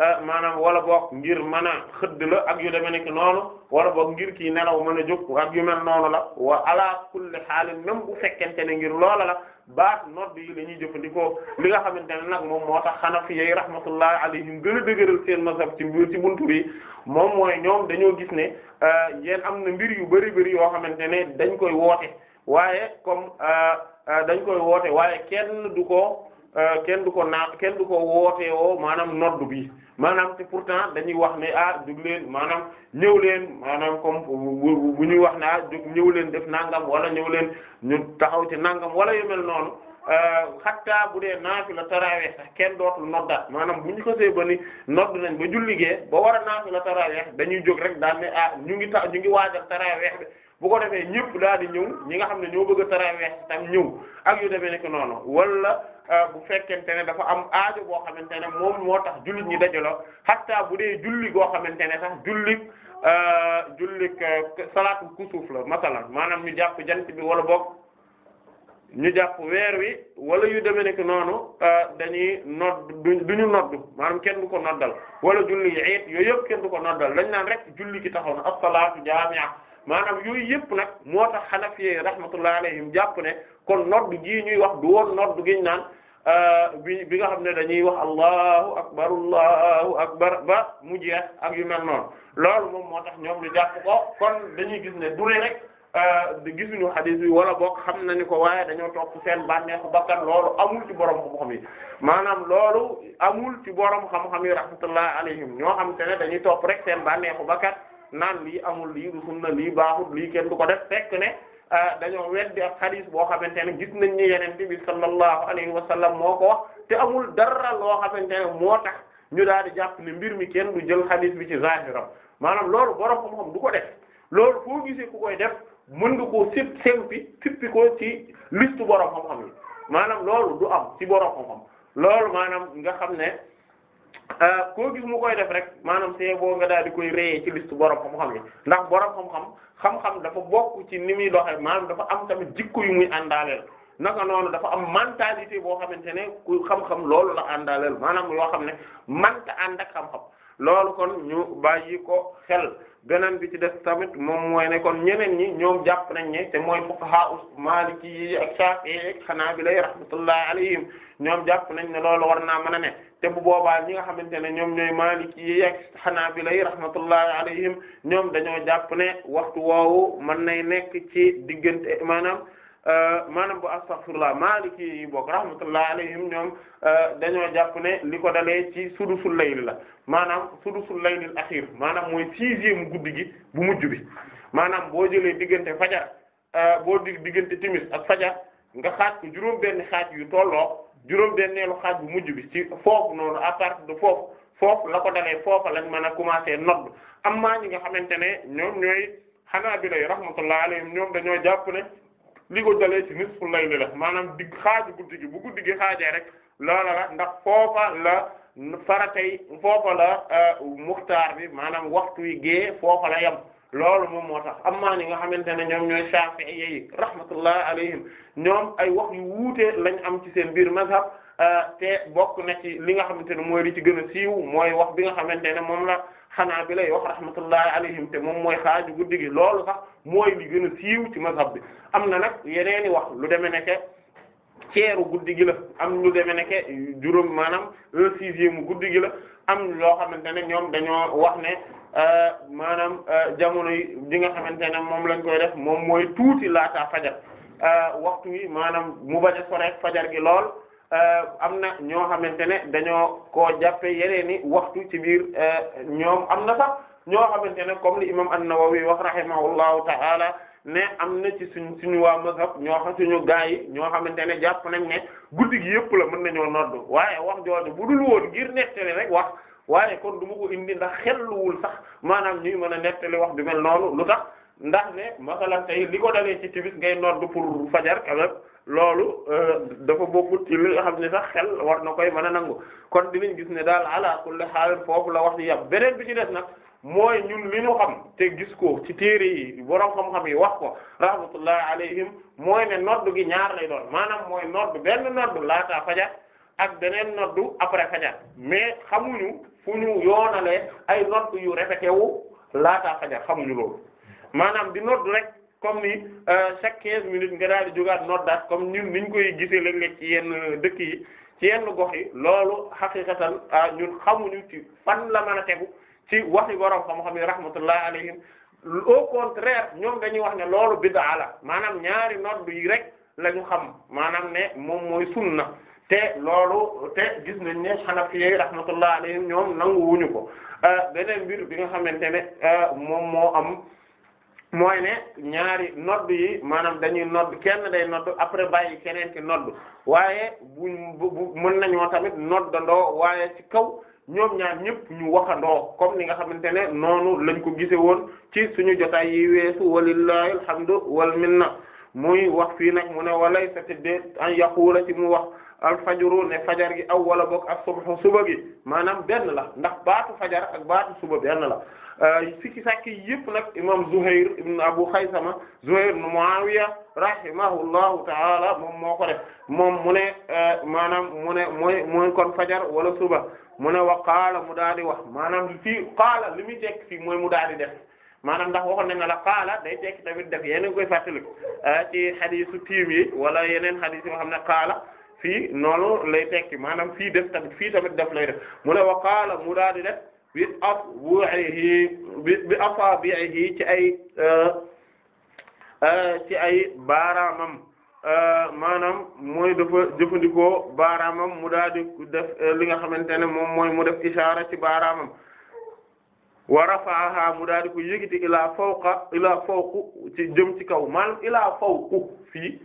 Ah, maanaam wala book ngir mën a xëdd la ak yu demee nekk noonu wala book ngir kii nelaw mën a jóg ak yu mel noonu la wa ala kulli xaalin même bu fekkente ne ngir loola la baat nodd yi lañuy jëfandikoo li nga xamante ne nag moom moo tax xanafi yi rahmatullahi alayhim gën a dëgëral seen mazhab ci mbir ci buntu bi moom mooy ñoom dañoo gis ne ah, yéen am na mbir yu bari bari yoo xamante ne dañ koy woote waaye comme ah, dañ koy woote waaye kenn du ko Euh, kenn du ko naa kenn du ko wootee woo maanaam noddu bi maanaam te pourtant dañuy wax ne ah jóg leen maanaam ñëw leen maanaam comme bu ñuy wax ne ah jóg ñëw leen def nangam wala ñëw leen ñu taxaw ci nangam wala yu mel noonu xattaa euh, bu dee naafila taraweex sax kenn dootul noddaat maanaam bu ñu ko see ba ni nodd nañ ba julligee ba war a naafila dañuy jóg rek daal ne ah, ñu ngi tax ñu ngi waajal taraweex bi bu ko defee ñëpp daal di ñëw ñi nga xam ne ñëw bëgg a taraweex tam ñëw ak yu noonu wala. Euh, bu fekkente ne dafa am aajo boo xamante ne moom moo tax jullit ñi dajaloo hatta bu dee julli goo xamante ne sax julli euh, julli euh, salaatu kusuuf la masalan maanaam ñu jàpp jant bi wala boog ñu jàpp weer wi wala yu demee nekk noonu dañuy nodd du ñu noddu maanaam kenn du ko noddal wala julli iit yooyu yëpp kenn du ko noddal dañ naan rek julli ki taxaw na as-salaatu jaami'a maanaam yooyu yëpp nag moo tax Hanafi rahmatullahi alayhim jàpp ne kon nodd gii ñuy wax du woon nodd naan Euh, bi bi nga xam ne dañuy wax allahu akbar allahu akbar ba mu jeex ak yu mel noonu loolu moom moo tax ñoom lu jàpp ko kon dañuy gis ne durée rek euh, gisuñu xadis bi wala bokk xam nañu ko waaye dañoo topp seen bànneexu bakkan loolu amul ci borom xam-xam maanaam loolu amul ci borom xam-xam yi rahmatullahi alayhim ñoo xam te dañuy topp rek seen bànneexu bakkan naan lii amul lii du sunna lii baaxul lii kenn du ko def fekk ne. Ah, dañoo weddi ak xadis boo xamante ne gis nañ ni yenente bi sallallahu alayhi wa sallam moo ko wax te amul dara loo xamante ne moo tax ñu daal di jàpp ne mbir mi kenn du jël xadis bi ci zahiram maanaam loolu boro xam-xam du ko def loolu foo gisee ku koy def mën nga ko sip sempi sippi ko ci liste borom xam-xam yi maanaam loolu du am ci borom xam-xam loolu maanaam nga xam ne Euh, koo gis mu koy def rek maanaam see boo nga daal di koy réyee ci liste borom xam-xam ndax borom xam-xam dafa bokk ci ni muy doxee maanaam dafa am tamit jikko yu muy naka noonu dafa am mentalité boo xamante ne ku xam-xam la àndaaleel maanaam yoo xam ne manta ànd ak xam-xam loolu kon ñu bàyyi ko xel beneen bi ci def tamit moom mooy ne kon ñeneen ñi ñoom jàpp nañ ne te mooy fuqaha maliki yi ak Shafi'i ak Hanabila rahmatullahi alayhim ñoom jàpp nañ ne loolu war naa mën a ne te bu boobaa ñi nga xamante ne ñoom ñooy maliki yi ak xanaabila yi rahmatullahi alayhim ñoom dañoo jàpp ne waxtu woowu mën nay nekk ci diggante maanaam euh, maanaam bu astaghfirullah maliki yi bokk rahmatullahi alayhim ñoom euh, dañoo jàpp li ko dalee ci sudusul layl la maanaam sudusul laylil axiir maanaam mooy sixième guddi gi bu mujj bi maanaam boo jëlee diggante fajar euh, boo dig diggante timis ak fajar nga xaaj ko juróom benn xaaj yu tolloo juróom neelu xaaj bu mujj bi ci foofu noonu à partir de foofu foofu la ko dalee foofa lañ mën a commencer nodd amma ñi nga xamante ne ñoom ñooy Hanaabila rahmatullahi alayhim ñoom dañoo jàpp ne li ko dalee ci nisfu layli la maanaam digg xaaju guddi gi bu guddi gi xaajee rek loola la ndax foofa la faratay foofa la euh, muxtaar bi maanaam waxtu yi gée foofa la yem. loolu moom moo tax am amma ñi nga xamante ne ñoom ñooy Shafi'i yi rahmatullah alayhim ñoom ay wax yu wuute lañ am ci seen biir mazhab euh, te bokk na ci li nga xamante ne mooy li ci gën a siiw mooy wax bi nga xamante ne moom la Hanaabila yi wax rahmatullah alayhim te moom mooy xaaju guddi gi loolu sax mooy li gën a siiw ci mazhab bi am na nag yeneeni wax lu demee ne ke ceeru guddi gi la am lu demee ne ke juróom maanaam un mu guddi gi la am loo xamante ne ñoom dañoo wax Euh, maanaam euh, jamono yi di nga xamante ne moom lañ koy def moom mooy tuuti laataa fajar euh, waxtu wi maanaam mu bañ a soreek fajar gi lool am na ñoo xamante ne dañoo koo jàppe yeneeni waxtu ci biir ñoom am na sax ñoo xamante ne comme li imam an-Nawawi wax rahimahullahu ta'ala ne am na ci suñ suñu waa a ñoo xam suñu gaa yi ñoo xamante ne jàpp nañ ne guddi gi yëpp la mën nañoo noddu waaye wax ngir nettali rek wax waaye kon du ma ko indi ndax luwul sax maanaam ñuy mën a nettali wax bi mel noonu lu tax ndax ne masalan tey li ko dalee ci timis ngay nodd pour fajar quand même loolu euh, dafa bokkut ci li nga xam ne sax xel war na koy mën a nangu kon dinañ gis ne daal ala kulli xaal foofu la wax di yàpp beneen bi ci des nag mooy ñun li ñu xam te gis ko ci téere yi borom xam-xam yi wax ko rahmatullahi alayhim mooy ne nodd gi ñaar lay doon maanaam mooy nodd benn nodd laata fajar ak beneen nodd après fajar mais fu ñu yoonalee ay nodd yu répété wu laataa fajar xamuñu loolu maanaam di nodd rek comme ni euh, chaque quinze minutes nga daal di jógaat noddaat comme ñun niñ koy gisee léeg-léeg ci yenn dëkk yi ci yenn gox yi loolu xaqiqatan ah, ñun xamuñu ci fan la mën a tegu ci waxi borom xam-xam yi rahmatullah alayhim au contraire ñoom dañuy wax ne loolu bid'a la maanaam ñaari nodd yi rek lañu xam maanaam ne moom mooy sunna te loolu te gis nañ ne Hanafi yi rahmatullah alayhim ñoom nangu wuñu ko euh, beneen mbir bi nga xamante ne euh, moom moo am mooy ne ñaari nodd yi maanaam dañuy nodd kenn day nodd après bàyyi keneen ki nodd waaye buñ bu mën nañoo tamit noddandoo waaye ci kaw ñoom ñaar ñëpp ñu waxandoo comme ni nga xamante ne noonu lañ ko gise woon ci suñu jotaay yi weesu walillahi alhamdu wal minna muy wax fii nag mu ne walay sa tidde an yaqula ci mu wax al fajru ne fajar gi aw wala boog ak subhu suba gi maanaam benn la ndax baatu fajar ak baatu suba benn la sikki euh, sàkki yëpp nag imam Zuhair ibn Abu Khaysama Zuhair ibn Muawiya rahimahullahu ta'ala moom moo ko def moom mu ne euh, maanaam mu ne mooy mooy kon fajar wala suba mu ne wa qaala mu daal di wax maanaam fii qaala li muy tekk fii mooy mu daal di def maanaam ndax waxoon nañ la qaala day tekki tamit def yeneen koy fàttali euh, ci xadiisu tiim yi wala yeneen xadiis yi nga xam ne qaala fii noonu lay tekki maanaam fii def tamit fii tamit def lay def mu ne wa qaala mu daal di def bi asbu'ihi bi asabi'ihi ci ay euh, euh, ci ay baaraamam euh, maanaam mooy dafa jëfandikoo baaraamam mu daal def li nga xamante ne moom mooy mu def ishaara ci baaraamam wa rafa'aha mu daal di ko yëgiti ilaa fawqa ilaa fawqu ci jëm ci kaw maanaam ilaa fawqu fii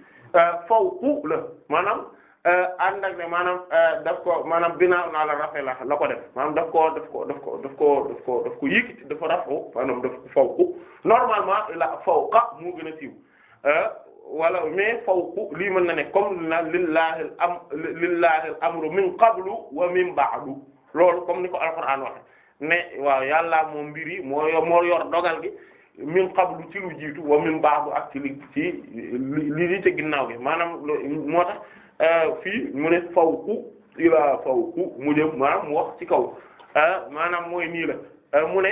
fawqu la maanaam Euh, ànd ak ne maanaam euh, daf ko maanaam binaa naa la rafe la la ko def maanaam daf koo daf ko daf ko daf ko daf ko daf ko yëkkati dafa rafu maanaam daf normalement la fawqa mu gën a siiw euh, wala mais fawku lii mën na ne comme na lillahi am lillahi amru min qablu wa min ba'du loolu comme ni ko alquran waxe ne waaw yàllaa moom mbir yi moo yor moo yor dogal gi min qablu ci lu jiitu wa min ba'du ak ci li ci li li ci ginnaaw gi maanaam moo Euh, fii mu ne fawku ilaa fawku mu jëm maanaam mu wax ci kaw euh, maanaam mooy nii la euh, mu ne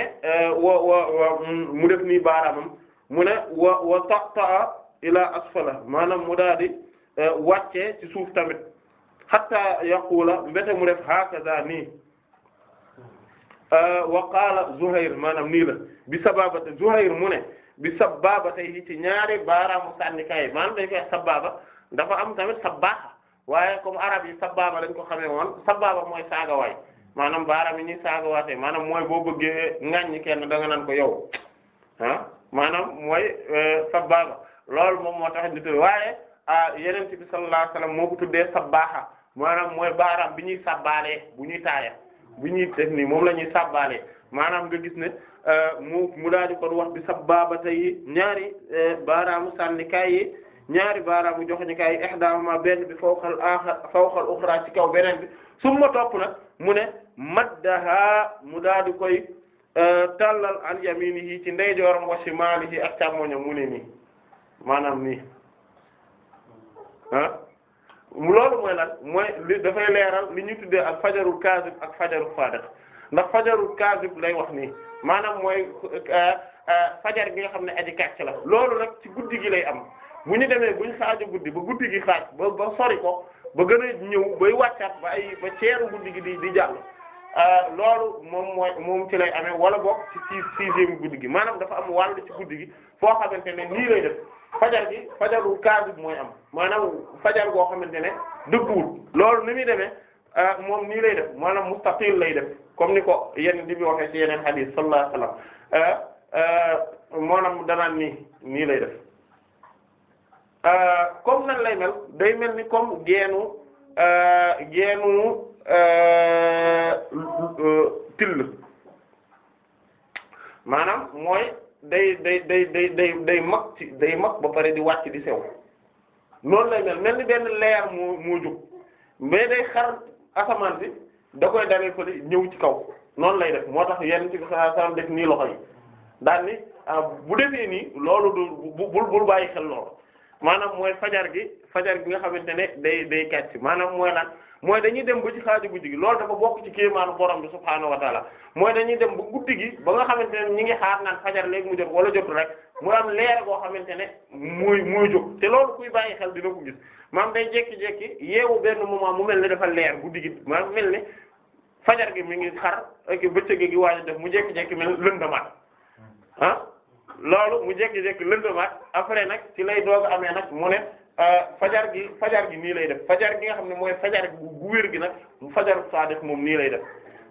wa wa mu def nii baaraamam mu ne wa wa taqtaa ilaa asfala maanaam mu daal di wàccee ci suuf tamit hatta yaqula mbete mu def hakaza nii wa qaala Zuhair maanaam nii la bi sababate Zuhair mu ne bi sababa tey ci ñaari baaraamu sànnikaay maanaam dañ koy sababa dafa am tamit sabbaaxa waaye comme arab yi sabbaaba lañ ko xamee woon sabbaaba mooy saagawaay maanaam baaraam yi ñuy saagawaatee maanaam mooy boo bëggee ŋaññi kenn da nga ko yow maanaam mooy euh, loolu moom moo tax ñu tudd waaye yeneen bi sallallahu alayhi moo ko tuddee sabbaaxa maanaam mooy baaraam bi ñuy sabbaalee bu ñuy taaya bu ñuy def nii moom la ñuy sabbaalee maanaam nga gis ne euh, mu mu daal di kon wax bi sabbaaba tey ñaari euh, baaraamu sànnikaay yi. ñaari baaraamu joxoñu kaay ihdaahuma benn bi fawqal aaxar fawqal uxra ci kaw beneen bi suma topp nag mu ne maddaha mu daal di koy euh, tàllal an yaminihi ci ndeyjooram wa shimaalihi ak càmmoñam mu ne nii maanaam nii ah loolu mooy lan mooy li li ñu tuddee ak fajarul kaazib ak fajarul ndax fajarul kaazib lay wax nii maanaam mooy euh, euh, fajar gi nga xam ne aji kàcc la loolu nag ci guddi gi lay am bu ñu demee bu ñu xaaju guddi ba guddi gi xaaj ba ba sori ko ba gën a ñëw bay wàccaat ba ay ba ceeru guddi gi di di jàll ah, loolu moom mooy moom ci lay amee wala boog ci ci sixième guddi gi maanaam dafa am wàll ci guddi gi foo xamante ne nii lay def fajar gi fajaru kaasib mooy am maanaam fajar goo xamante ne dëgguwul loolu ni muy demee ah, moom nii lay def maanaam mustaqil lay dem comme ni ko yenn di bi waxee ci yeneen hadith sallallahu alayhi wasallam ah, maanaam danaan nii nii lay def Euh, comme nan lay mel day mel ni comme geenu euh, geenu euh, till maanaam mooy day day day day day day mag ci day mag ba pare di wàcc di sew noonu lay mel mel ni benn leer mu mu jóg mais day xar asamaan si da koy dalee fële ñëw ci kaw noonu lay def moo tax yenn ci asamaan def nii loxo yi daal ah, bu defee nii loolu du bul bul bàyyi xel loolu maanaam mooy fajar gi fajar gi nga xamante ne day day kàcc maanaam mooy lan mooy dañuy dem ba ci xaaju guddi gi loolu dafa bokk ci kéemaanu borom bi subhaanahu wa taala mooy dañuy dem ba guddi gi ba nga xamante ne ñi ngi xaar naan fajar mu jot wala jot rek mu am leer goo xamante ne muy muy jóg te loolu kuy bàyyi xel dina ku gis maam day jékki-jékki yeewu benn moment mu mel ne dafa leer guddi gi maam mel ne fajar gi mi ngi xar ak bëccëg gi waaj a def mu jékki-jékki mel lëndamaat ah loolu mu jékki-jékki lëndamaat après nag ci lay doog amee nag mu ne euh, fajar gi fajar gi nii lay def fajar gi nga xam ne mooy fajar gu wér gi nag mu fajar saadiq moom nii lay def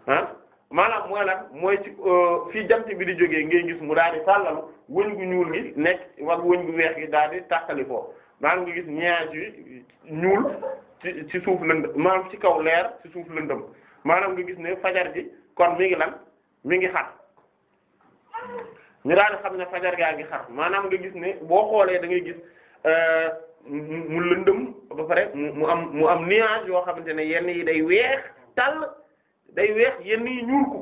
ah maanaam mooy nag mooy ci euh, fii jant bi di jógee ngay gis mu daal di sàllalu wëñ gu ñuul gi nekk wax wëñ gu weex gi daal di tàqali foo maanaam nga gis nuage ñuul ci ci suuf lëndëm maanaam ci kaw leer ci suuf lëndëm maanaam nga gis ne fajar gi kon mi ngi lan mi ngi xat ñu daan xam ne fajar gaa ngi xar maanaam nga gis ne boo xoolee da ngay gis euh, mu lëndëm ba pare mu am mu am nuage yoo xamante ne yenn yi day weex tàll day weex yenn yi ñuul ko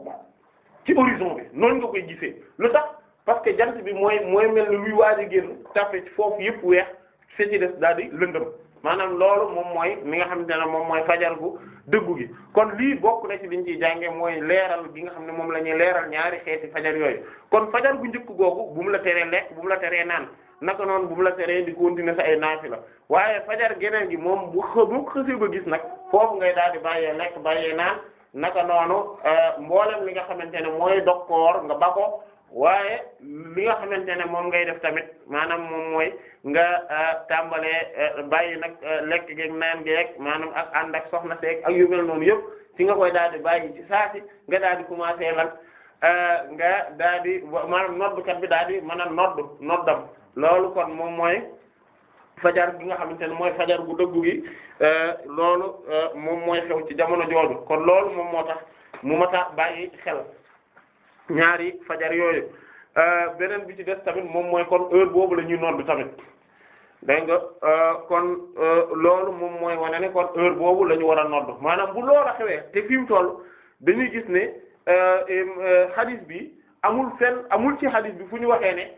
ci horizon bi noonu nga koy gisee lu tax parce que jant bi mooy mooy mel ni luy waaj a génn tafe foofu yëpp weex fi ci des daal di lëndëm maanaam loolu moom mooy mi nga xam xamante ne moom mooy fajar gu dëggu gi kon lii bokk na ci liñ ciy jànge mooy leeral gi nga xam ne moom la ñuy leeral ñaari xeeti fajar yooyu kon fajar gu njëkk googu bu mu la teree lekk bu mu la teree naan naka noonu bu mu la teree di continuer sa ay la waaye fajar geneen gi moom bu xë bu gis nag foofu ngay daal di bàyyee lekk bàyyee naan naka noonu euh, mboolem li nga xamante ne mooy dokkoor nga bako waaye li nga xamante ne moom ngay def tamit maanaam moom mooy nga euh, tàmbalee euh, bàyyi nag euh, lekk geeg naan geeg maanaam ak ànd ak soxna seeg ak yu mel noonu yëpp ci nga koy daal di bàyyi ci saasi nga daal di commencer lan nga daal di maanaam noddkat bi daal di mën a nodd noddam loolu kon moom mooy fajar gi nga xamante ne mooy fajar gu dëggu gi loolu moom mooy xew ci jamono jooju kon loolu moom moo tax mu mata bàyyi xel ñaari fajar yooyu euh, beneen bi ci des tamit moom mooy kon heure boobu la ñuy noddu tamit dégg nga euh, kon euh, loolu moom mooy wane ne kon boobu la ñu war a noddu maanaam bu loola xewee te fi mu dañuy gis ne hadith bi amul fenn amul ci hadith bi fu ñu waxee ne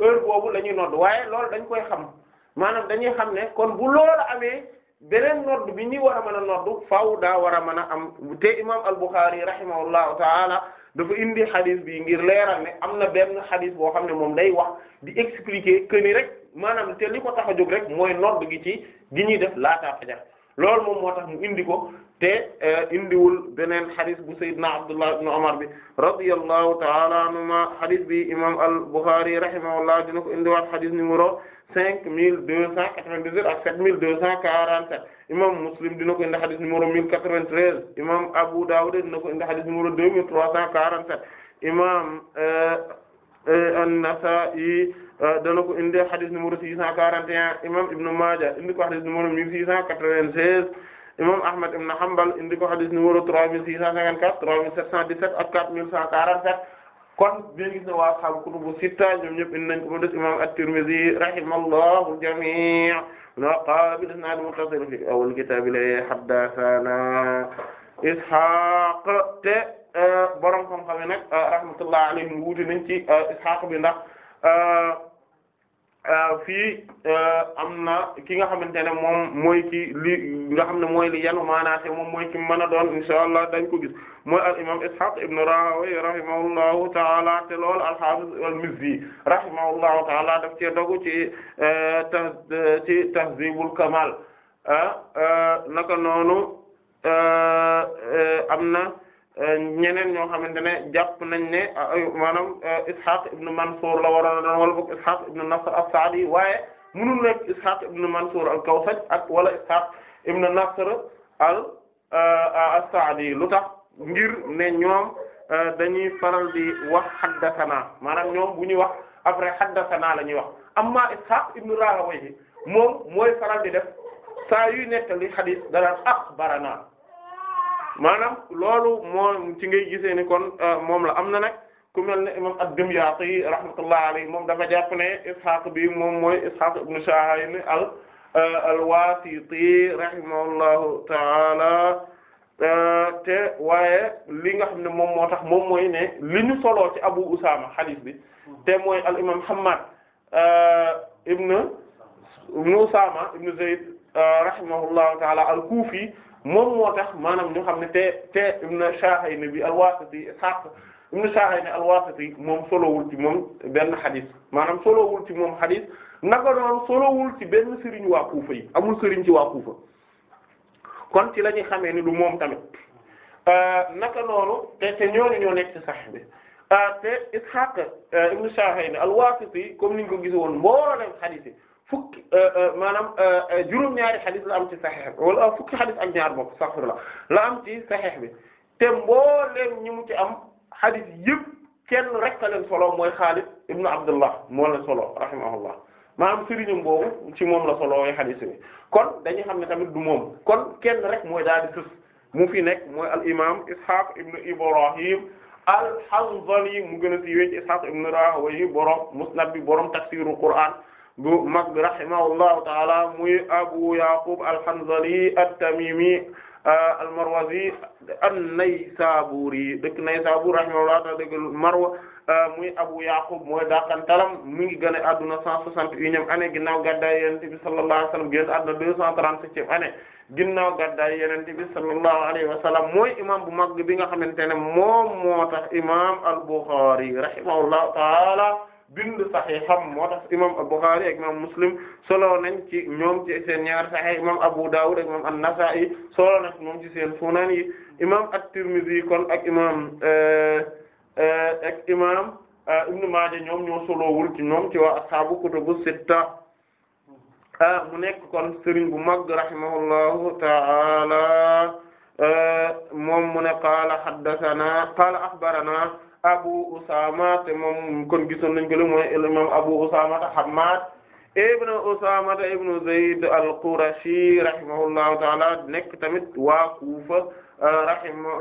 heure boobu la ñuy noddu waaye loolu dañ koy xam maanaam dañuy xam ne kon bu loola amee beneen nodd bi ñuy war a mën a noddu faaw daa war a mën a am te imam al-Bukhari rahimahullahu ta'ala dafa indi xadis bi ngir leeral ne am na benn xadis boo xam ne moom day wax di expliquer que rek maanaam te li ko tax a jóg rek mooy nodd gi ci gi ñuy def laataa fajar lool moom moo tax mu indi ko te eh, indiwul beneen xadis bu sayyidna Abdullah ibn Umar bi radiyallahu ta'ala anhuma xadis bi imam al-Bukhari rahimahullah dina ko indiwaat xadis numéro cinq mille deux cent quatre-vingt-dix-huit ak sept mille deux cent quarante-sept imam Muslim dina ko indi xadis numéro mille quatre-vingt-treize imam Abu Dawud dina ko indi xadis numéro deux mille trois cent quarante-sept imam euh, euh, An-Nasa'i euh, dana ko indi xadis six cent quarante et un imam Ibn Maaja indi ko xadis numéro mille six cent quatre-vingt-seize imam Ahmad ibn Hanbal indi ko xadis numéro trois mille six cent quatre trois mille sept quatre mille kon dinañ gis ne waa ashaabu kutubu sitta ñoom ñëpp indi nañ ko ba des imam at-Tirmidhi rahimahullahu jami' wa qaala bil isnaad al-muttasil fi awwal kitaab la haddathana Ishaq te eh, borom xam-xam yi nag eh, rahmatullah alayhim wuute nañ ci eh, Ishaq bi ndax. Euh, fii euh, am na ki nga xamante ne moom mooy ki li nga xam ne mooy li yanu maanaate moom mooy ki mën a doon insha allah dañ ko gis mooy al imam ishaq ibn rahawayh rahimahullahu taala te loolu al hafiz al mizzi rahimahullahu taala daf cee dogu ci euh, ta ci tahzibul kamal ah, naka noonu am na Euh, ñeneen ñoo xamante ne jàpp nañ ne euh, maanaam euh, Ishaq ibn Mansour la waroon a doon wala boog Ishaq ibn Nasr as-Sa'di waaye mënul nekk Ishaq ibn Mansour al-Kawsaj ak wala Ishaq ibn Nasr al as-Sa'di lu tax ngir ne ñoom dañuy faral di wax haddathana maanaam ñoom bu ñuy wax après haddathana la ñuy wax amma Ishaq ibn Rahawayh moom mooy faral di def saa yuy nettali hadith dara akhbarana maanaam loolu moo ci ngay gisee ni kon euh, moom la am na nag ku mel ne imam ad-Dimyaati moom dafa jàpp ne bi moom mooy Isxaaq ibn Shahin al euh, al-Waasiti taala euh, te waaye li nga xam ne moom moo tax moom mooy ne li ñu soloo ci Abu Usaama xadiis bi te mooy al imam Hammad ibn Usaama ibn Zayd rahimahullahu taala al-Kuufi moom moo tax maanaam ñu xam ne te te ibn ne bi al-Wasiti Ishaq ibn Shahayne al-Wasiti moom solowul ci moom benn xadis maanaam solowul ci moom xadis naka noonu solowul ci benn sëriñ waa Kuufa yi amul sëriñ ci waa kon ci la ñuy xamee lu moom tamit euh, naka noonu te te ñooñu ñoo nekk ci sax bi euh, te Ishaq euh, ibn Shahayne al-Wasiti comme niñ ko gis woon mbooloo dem xadis fukki euh, euh, maanaam euh, juróom-ñaari xadis la am ci saxeex bi wala fukki xadis ak ñaar bopp astaghfirullah la am ci saxeex bi te mbooleem ñi mu ci am xadis yëpp kenn rek ka leen solo mooy Xaalid ibnu Abdullah moo leen solo rahimahullah maanaam sëriñam boobu ci moom la solo way xadis bi kon dañuy xam ne tamit du moom kon kenn rek mooy daal di sës mu fi nekk mooy al imam Ishaq ibnu Ibrahim al mu gën a siiwee ci Ishaq ibnu Rahawayh borom musnad bi borom tafsiru Qur'an bu mag bi rahimahullahu taala muy Abu Yaqub al-Hanzali at-Tamimi euh, al-Marwazi an-Naysaburi dëkk Naysabur rahimahullahu taala dëkk Marwa euh, muy Abu Yaqub mooy daakantalam mu ngi gën a adduna 161 année ginnaaw gàddaay Yonent bi sallallahu alayhi wa sallam génn adduna 237 année ginnaaw gàddaay Yonent bi sallallahu alayhi wa sallam mooy imam bu mag bi nga xamante ne moom moo imam al-Bukhari rahimahullahu bind saxiixam moo tax imam Bukhari ak imam Muslim solo nañ ci ñoom ci seen ñaar saxiix imam Abu Dawud ak imam An-Nasa'i solo nañ moom ci seen sunan yi imam At-Tirmidhi kon ak imam eh, eh, ak imam eh, ñoom ñoo solowul ci ñoom ci waa ashaabu kutubu sitta ah, mu nekk kon sëriñ bu mag rahimahullahu ta'ala moom mu ne qaala haddathana qaala akhbarana Abu Usama te moom kon gisoon nañ ko le mooy imam Abu Usama Hammad ibn Usama ibn Zayd al-Qurashi rahimahullahu ta'ala nekk tamit waa Kufa euh,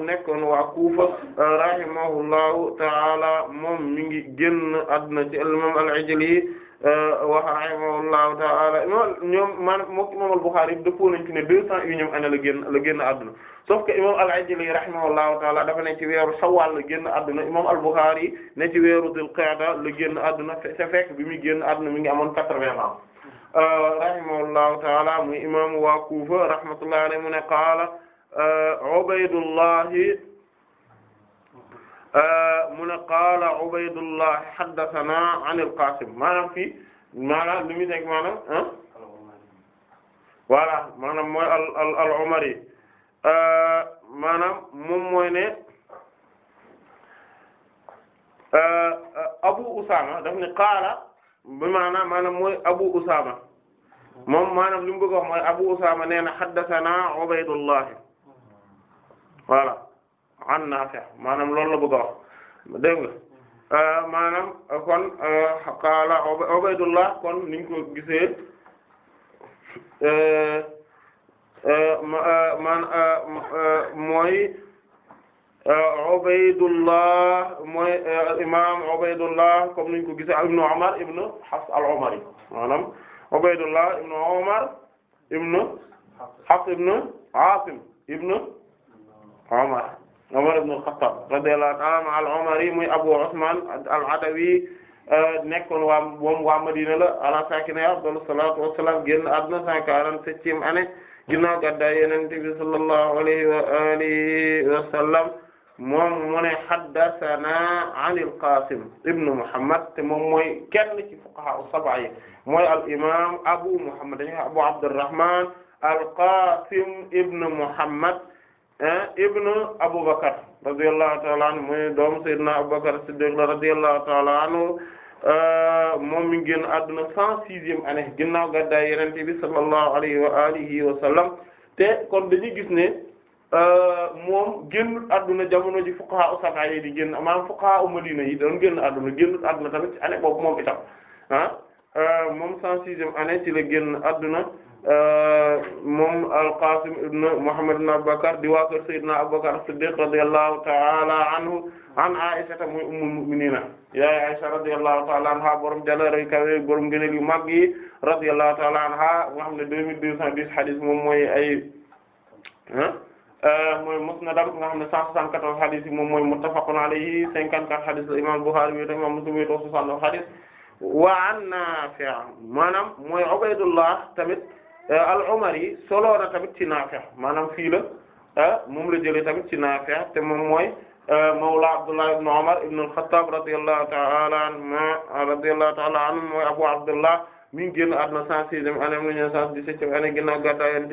nekkoon waa Kufa euh, rahimahullahu ta'ala moom mi ngi génn àdduna ci imam al-Ijli euh, wa rahimahullahu ta'ala ñoom maanaam moom imam al-Bukhari dëppoo nañ ci ne deux cent unième année la génn la génn àdduna sauf que imam al-Ajli rahimahullahu taala dafa ne ci weeru Shawwal la génn adduna imam al-Bukhari ne ci weeru Dhul Qa'da la génn bi muy génn adduna mi ngi amoon quatre-vingts euh, taala muy imam waa Kufa rahmatullahi alayhi mu ne qaala euh, Ubaydullah euh, mu ne qaala Ubaydullah haddathana an al-Qasim maanaam fii nekk maanaam voilà maanaam mooy al al al-Umari Euh, maanaam moom mooy ne euh, euh, Abu Usama daf ne qaala bi maanaam maanaam mooy Abu Usama moom maanaam li mu bëgg wax mooy Abu Usama nee na haddathana Ubaydullah voilà an Nafi' maanaam wax dégg nga kon qaala Ubaydullah kon niñ ko gisee Euh, euh, man euh, mooy Ubaydullah mooy imaam Ubaydullah comme niñ ko gisee ibn Umar ibn Hafs al-Umari maanaam Ubaydullah ibn Umar ibn Hafs ibn Asim ibn Umar Umar ibn al-Khattab radiyallahu ta'ala anhu al-Umari muy Abu Usman al-Adawi nekkoon waa moom waa Madina la ala saakinihaa afdalu salaatu wa salaam génn àdduna 147e année ginnaaw gàddaay Yonent bi sallallahu alayhi wa alihi wa sallam moom mu ne haddathana an al-Qasim ibn Muhammad te moom mooy kenn ci fuqaha as-sab'a yi mooy al-imam Abu Muhammad dañu Abu Abdurrahman al-Qasim ibn Muhammad ah, ibn Abu Bakr radiyallahu ta'ala anhu mooy doom Sayyidina Abu Bakr as-Siddiq radiyallahu ta'ala anhu Euh, moom mi ngi génn àdduna cent sixième année ginnaaw gàddaay yenente bi sallallahu alayhi wa alihi wa sallam te kon dañuy gis ne euh, moom génn àdduna jamono ji fuqaha usaba yi di génn maanaam fuqaha madina yi doon génn àdduna génn àdduna tamit ci année boobu moom itam ah euh, moom cent sixième année ci la génn àdduna Euh, moom al-Qasim ibn Muhammad ibn Abubakar di waa kër Seydina Abubakar Siddiq radiyallahu ta'ala anhu an Aisha muy ummul mu'minina yaay Aisha radiyallahu ta'ala anha borom jàllale kawe borom gëneel yu xam ne deux mille deux cent dix hadith moom mooy ay euh, mooy musnadam nga xam ne hadith mooy muttafaqun alayhi hadith imam Bukhari wéetoo imam Muslim wéetoo soixante-neuf hadith wa an Nafi' maanaam mooy Ubaydullah tamit. Euh, al-Umari solo na tamit ci Naafi' maanaam fii la euh, moom la jëlee tamit ci Naafi' te moom mooy euh, mawla Abdullah ibn Umar ibn al-Khattab radiyallahu ta'ala anhuma radiyallahu ta'ala anhu mooy Abu Abdullah mi ngi génn àdduna 106e année am na ñu 117e année ginnaaw gàddaay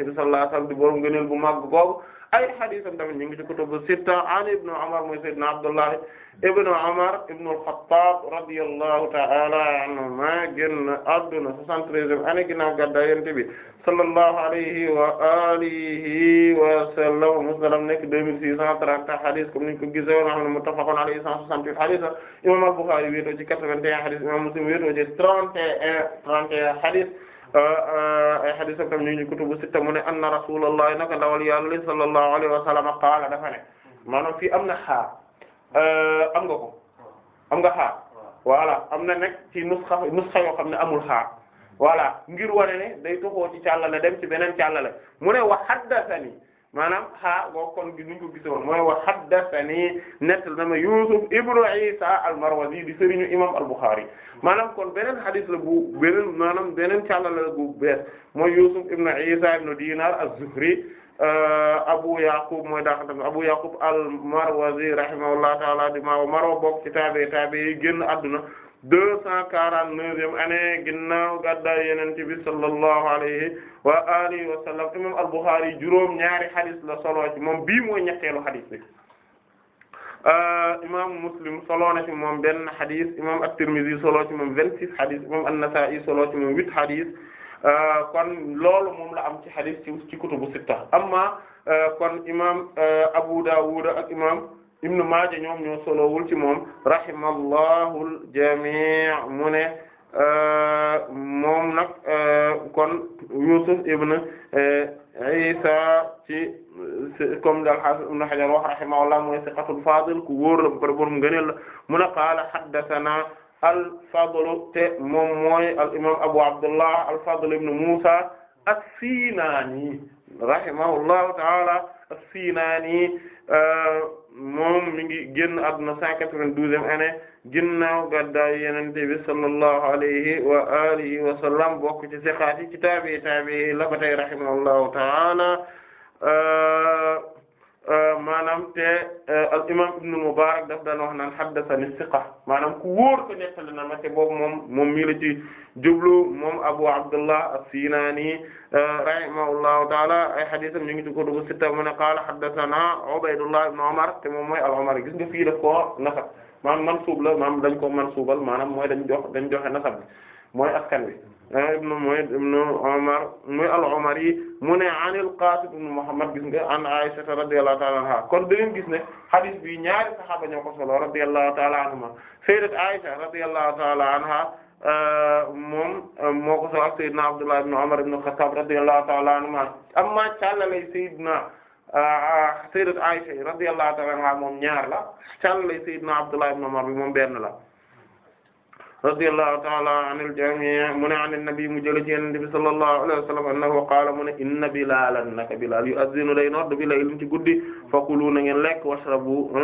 di borom ngëneel bu mag boobu ay hadiisam tamit ñu ngi ci kutubu sitta an ibn Umar mooy sayyidina Abdullah ibnu Umar ibnu al-Khattab radiyallahu ta'ala anhuma génn adduna 73e année ginnaaw gàddaay Yonent bi sallallahu alayhi wa alihi wa sallam musnadam nekk 2630 hadith comme niñ ko gisee woon xam ne muttafaqun alayhi 168 hadith imam al-Bukhari wéetoo ci 81 hadith imam Muslim wéetoo ci 31 31 hadith euh, euh, ay hadith ak tam ñu ngi kutubu sitta mu ne anna Rasulullah naka ndawal Yàlla sallallahu alayhi wa sallam qaala dafa ne maanaam fii am na xaar Euh, am nga ko am nga xaar voilà am na nag ci nusxa nusxa yoo xam ne amul xaar voilà ngir wane ni day toxoo ci càllale dem ci beneen càllale mu ne wa haddathani maanaam xaa ko kon gi nu ko gisoon mu ne wa haddathani nettal na ma Yusuf ibnu Isa al-Marwazi di sëriñu imam al-Bukhari maanaam kon beneen xadis la bu beneen maanaam beneen càllale la bu bees mooy Yusuf ibnu Isa ibnu Dinar az-Zuhri Euh, Abu Yaqub mooy daaxantam Abu Yaqub al-Marwazi rahimahullahu ta'ala di maaw Marwa bokk ci taabe taabe yi génn adduna deux cent quarante-neuvième année ginnaaw gàddaay Yonent bi sallallahu alayhi wa alihi wa imam al-Bukhari juróom ñaari hadith la solo ci moom bii mooy ñetteelu hadith bi euh, imam Muslim solo na ci moom benn hadith imam at-Tirmidhi solo ci moom vingt-six hadith imam an-Nasa'i solo ci moom huit hadith Euh, kon loolu moom la am ci hadith ci ci kutubu sitta amma euh, kon imam euh, Abu Dawud ak imam Ibn Maaja ñoom ñoo solowul ci moom rahimallahu al-jamii mu ne moom na kon Yusuf ibn Isa ci comme daal hafiz Ibn Hajar wax rahimahullah mooy siqatul faadil ku wóor la bërëbër mu gëneel mu ne qaala haddathana al-Fadl te moom mooy al imaam Abu Abdullah al-Fadl ibn Musa as-Sinani rahimahullahu ta'ala as-Sinani euh, moom mi ngi génn àdduna 192e année ginnaaw gàddaay Yonent bi sallallahu alayhi wa alihi wa sallam bokk ci siqaati ci taabi taabi la ba tey rahimahullahu ta'ala euh, Euh, maanaam te euh, al imam ibn Mubarak daf daan wax naan haddathani thiqa maanaam ku wóor ko nettali na ma te boobu moom moom mii la ci jublu moom Abu Abdullah as-Sinani euh, rahimahullahu taala ay haditham ñu ngi ci kutubu sitta mu ne qaala haddathana Ubaydullah ibn Umar te moom mooy al-Umari gis nga fii daf koo nasab maanaam mansuub la maanaam dañ ko mansuubal maanaam mooy dañ jox dañ joxe nasab bi mooy askan wi ibnu eh, Mu'ayd ibnu Umar muy al-Umari mu ne anil Qasim ibnu Muhammad gis nga an Aisha radiyallahu ta'ala anha kon da ngeen gis ne hadith bi ñaari sahaaba ñoo ko solo radiyallahu ta'ala anhuma sayyidat Aisha radiyallahu ta'ala anha eh, moom eh, moo ko solo ak sayyidna Abdullah ibn Umar ibn Khattab radiyallahu ta'ala anhuma amma càllalay sayyidna sayyidat Aisha radiyallahu ta'ala anha moom ñaar la càllalay sayyidna Abdullah ibn Umar bi moom benn la radiyallahu ta'ala anil jami' mu ne an nabi mu jële ci yenente bi sallallahu alayhi wa sallam annahu qaala mu ne inna bilalan naka bilal yu'adhinu day nodd bi laylin ci guddi fakulu na ngeen lekk washrabu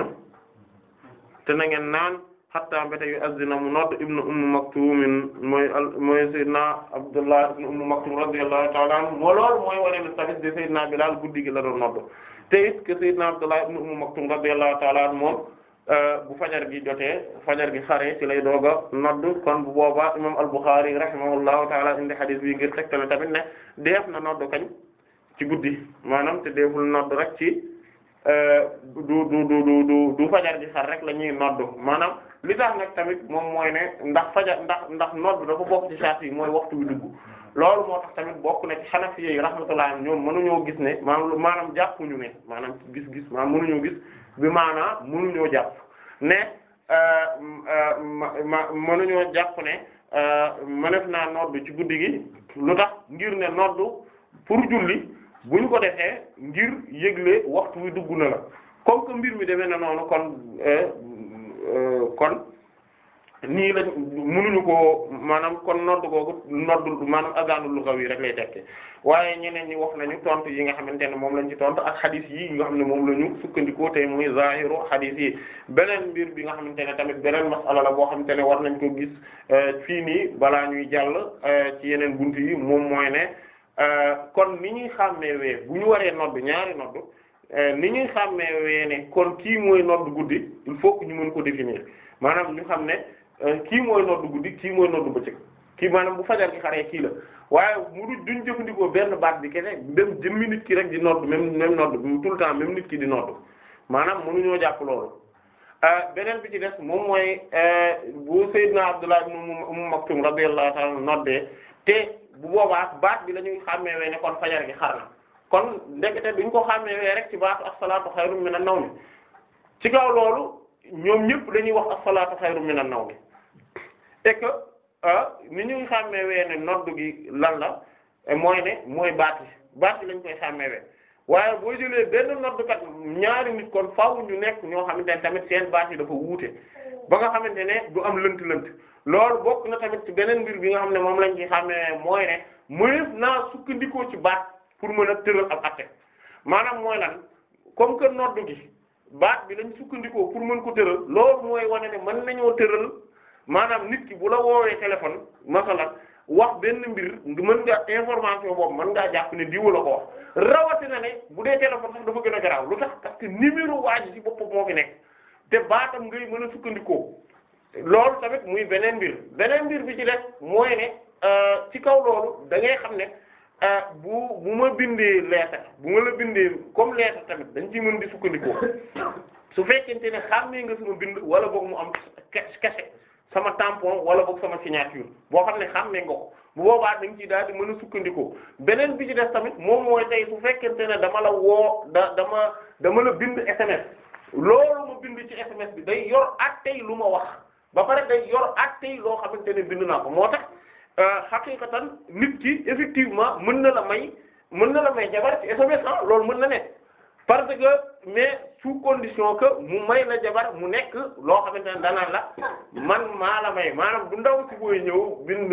te na ngeen naan hatta mbéte yu'adhinu mu nodd ibnu ummu maktum mooy mooy sayyidina abdullah ibnu ummu maktum radiyallahu ta'ala anhu moo lool mooy wane ne tamit de sayyidina bilal guddi gi la doon nodd te it que sayyidina abdullah ibnu ummu maktum radiyallahu ta'ala anhu moom Euh, bu fajar gi jotee fajar gi xare ci lay doog a noddu kon bu boobaa imam al-Bukhari rahimahullahu taala indi hadith bi ngir tegtale tamit ne deef na noddu kañ ci guddi maanaam te deeful noddu rek ci euh, du du du du du fajar gi xar rek la ñuy noddu maanaam li tax nag tamit moom mooy ne ndax fajar ndax ndax noddu dafa bokk ci saat yi mooy waxtu wi dugg loolu moo tax tamit bokk nag ci Hanafi yi rahmatullah ñoom mënuñoo gis ne maanaam maanaam jàppuñu ne maanaam gis-gis maanaam mënuñoo gis. bi maanaa mënuñoo jàpp ne euh, euh, ma mënuñoo jàpp ne euh, mënef naa noddu ci guddi gi lu tax ngir ne noddu pour julli buñ ko defee ngir yëgle waxtu wi dugg na la comme que mbir mi demee na noonu kon kon nii lañ mënuñu koo maanaam kon nodd googu noddu maanaam azaanul lugawi rek lay tekki waaye ñeneen ñi wax nañu tontu yi nga xamante ne moom lañ ci tontu ak xadis yi nga xam ne moom la ñu sukkandikoo tey muy zahiru xadis yi beneen mbir bi nga xamante ne tamit beneen masala la boo xamante ne war nañ ko gis euh, fii nii balaa ñuy jàll euh, ci yeneen bunt yi moom mooy ne euh, kon ni ñuy xàmmeewee bu ñu waree nodd ñaari nodd ni ñuy xàmmeewee ne kon kii mooy nodd guddi il faut que ñu mën ko définir maanaam ñu xam Euh, kii mooy noddu guddi kii mooy bu ci kii maanaam bu fajar gi xaree kii la waaye mu du duñ jëfandikoo benn baat bi kene dem jëmmi nit ki rek di noddu même même noddu tout le temps même nit ki di noddu maanaam mënuñoo jàpp loolu euh, beneen bi ci des moom mooy euh, bu Seydina Abdullah ibn Umm, umm Maktum radiyallahu ta'ala noddee te bu boobaa baat bi lañuy ñuy xàmmeewee ne kon fajar gi xar na kon ndekete duñ ko xàmmeewee rek ci baatu as-salaatu xayrun minan nawm ci kaw loolu ñoom ñëpp dañuy wax as-salaatu xayrun minan nawm et que ah, ni ñu xàmmewee ne noddu gi lan la mooy ne mooy baati yi lañ koy xàmmewee waaye boo jëlee benn noddukat ñaari nit kon faaw ñu nekk ñoo xamante ne tamit seen baati dafa wuute ba nga xamante ne du am lënt-lënt loolu bokk na tamit ci beneen mbir bi nga xam ne moom lañu ci xàmmee mooy ne mëneef naa sukkandikoo ci baat pour mën a tëral ab atte maanaam mooy lan comme que noddu gi baat bi lañ sukkandikoo pour mën ko tëral loolu mooy wane ne mën nañoo tëral. maanaam nit ki bu la woowee téléphone masalan wax benn mbir mën nga information boobu mën ngaa jàpp ne diwu la ko wax rawatina ne bu dee téléphone sax dafa gën a garaaw lu tax parce que numéro waa ji ci boppam moo fi nekk te baatam ngay mën a sukkandikoo loolu tamit muy beneen mbir beneen mbir bi ci def mooy ne euh, ci kaw loolu da ngay xam ne euh, bu bu ma bindee lettre bu ma la bindee comme lettre tamit dañ ciy mën di sukkandikoo su fekkente ne xàmmee nga suma bind wala boog mu am sama tampon wala boog sama signature boo xam ne xàmmee nga ko bu boobaa dañ ciy daal di mën a sukkandikoo beneen bi ci des tamit moom mooy tey su fekkente ne dama la woo da dama dama la bind SMS loolu ma bind ci SMS bi day yor tey lu ma wax ba pare day yor attey loo xamante ne bind naa ko moo tax euh, xaqiqatan nit ki effectivement mën na la may mën na la may jabar ci SMS ah, loolu mën na ne parce que mais. sous condition que mu may la jabar mu nekk loo xamante ne danaan la man maa la may maanaam du ndaw si booy ñëw bind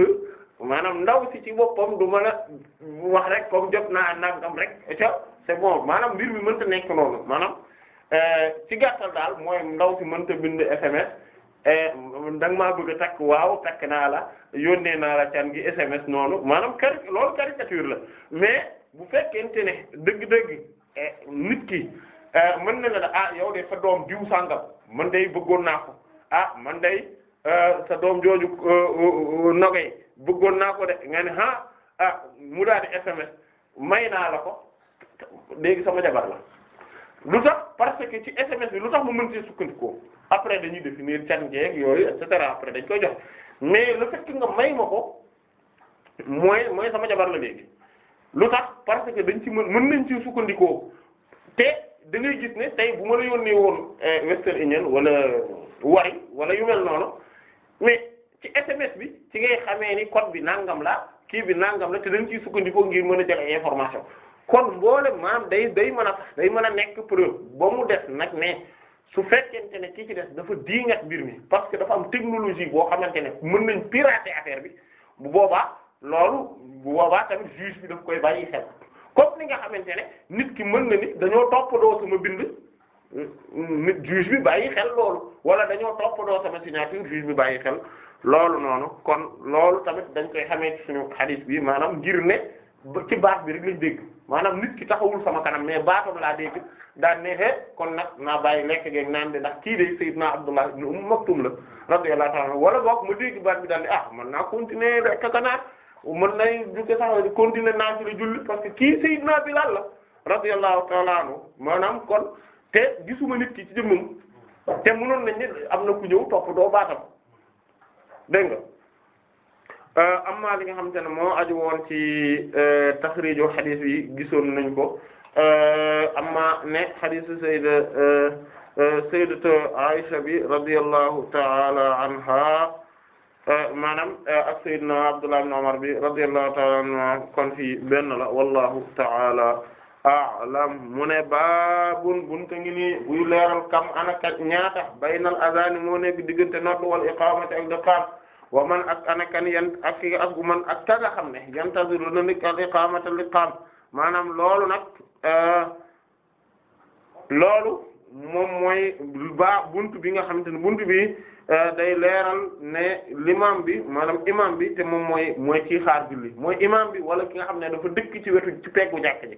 maanaam ndaw si ci boppam du mën a wax rek comme jot naa nangam rek ca bon maanaam mbir mi mënta nekk noonu maanaam euh, ci gàttal daal mooy ndaw si mënta bind eh, da nga takk waaw takk naa la yónnee naa la can noonu maanaam cari loolu caricature la mais bu fekkente ne dëgg-dëgg eh, nit ki. Eh, mën na la ah yow de sa doom diw sàngam man day bëggoon naa ko ah man day eh, sa doom jooju eh, nogay bëggoon naa ko de nga ne ah, ah mu daal di SMS may naa la ko léegi sama jabar la lu tax parce que ci SMS bi lu tax mu mën ci sukkandikoo après dañuy définir can jeeg yooyu et cetera après dañ koy jox mais le fait nga may ma ko mooy mooy sama jabar la léegi lu tax parce que dañ ci mën mën nañ ci sukkandikoo te. dangay ngay gis ne tey bu ma la yónnee woon eh, Western Union wala Wari wala yu mel noonu mais ci SMS bi ci ngay xamee ni code bi nangam la kii bi nangam la te dañ ciy sukkandikoo ngir mën a jël information kon mboolem maanaam day day mën a day mën a nekk preuve ba mu des nag ne su fekkente ne kii ci des dafa diingat mbir mi parce que dafa am technologie boo xamante ne mën nañ pirater affaire bi bu boobaa loolu bu boobaa tamit juge bi daf koy bàyyi xel. comme ni nga xamante ne nit ki mën na ni dañoo toppandoo sama bind nit juge bi bàyyi xel loolu wala dañoo toppandoo sama signature juge bi bàyyi xel loolu noonu kon loolu tamit dañ koy xamee ci suñu hadith bi maanaam ngir ne ci baat bi rek lañ dégg maanaam nit ki taxawul sama kanam mais baatam laa dégg daan ne kon nag naa bàyyi lekk geeg naan de ndax kii de Seydina Abdullah ibn Umm Maktum la radiyallahu ta'ala wala boog ma dégg baat bi daal di a ah, man naa continuer rek mën nay jukke sax di continuer naa ci la julli parce que kii Seydina Bilal la radiyallahu ta'ala anhu maanaam kon te gisuma nit ki ci jëmmam te mënoon nañ ne am na ku ñëw topp doo baatam dégg nga euh, am na li nga xamante ne moo aju woon ci euh, taxriiju xadis yi gisoon nañ ko euh, amma ne xadisu sayda sayyidatu Aisha bi radiyallahu ta'ala anha Euh, maanaam euh, ak Seydina Abdullah ibn Umar bi radiyallahu ta'ala anhu kon fii benn la wallahu ta'ala a'lam mu ne baabun bunta ngi nii buy leeral kam ana kat ñaata baynal azan moo nekk diggante nodd wal iqamati ak daqaam wa man ak ana kan yan ak ak man ak ka nga xam ne yantaziru na nekk al iqamata al iqam maanaam loolu nag euh, loolu moom mooy ba buntu bi nga xamante ne buntu bi Euh, day leeral ne l'imam bi maanaam imam bi te moom mooy mooy kii xaar julli mooy imam bi wala ki nga xam ne dafa dëkk ci wetu ci peggu jàkk ji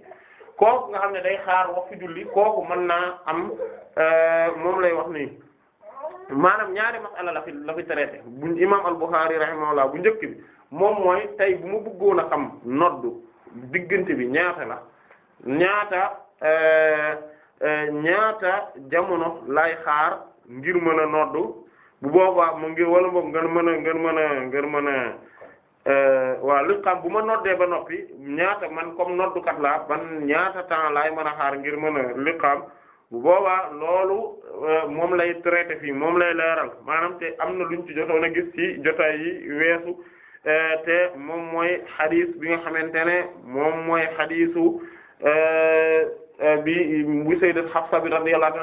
kooku nga xam ne day xaar waxtu julli kooku mën naa am euh, moom lay wax nii maanaam ñaari masala la fi traité buñ imam al-Bukhari rahimahullah bu njëkk bi moom mooy tey bu ma bëggoon a xam noddu diggante bi ñaata la ñaata euh, ñaata jamono lay xaar ngir mën a noddu bu boobaa mu ngi wala boog ngeen mën a ngeen mën a ngeen mën a euh, waaw liqam bu ma noddee ba noppi ñaata man comme noddukat laa ban ñaata temps laay mën a xaar ngir mën a bu boobaa loolu euh, moom lay traité fii moom lay leeral maanaam te am na luñ ci jotoon a gis ci jotaay yi weesu euh, te moom mooy xadis bi nga xamante ne moom mooy xadisu. Eh, bi bu sayyidat Hafsa bi radiyallahu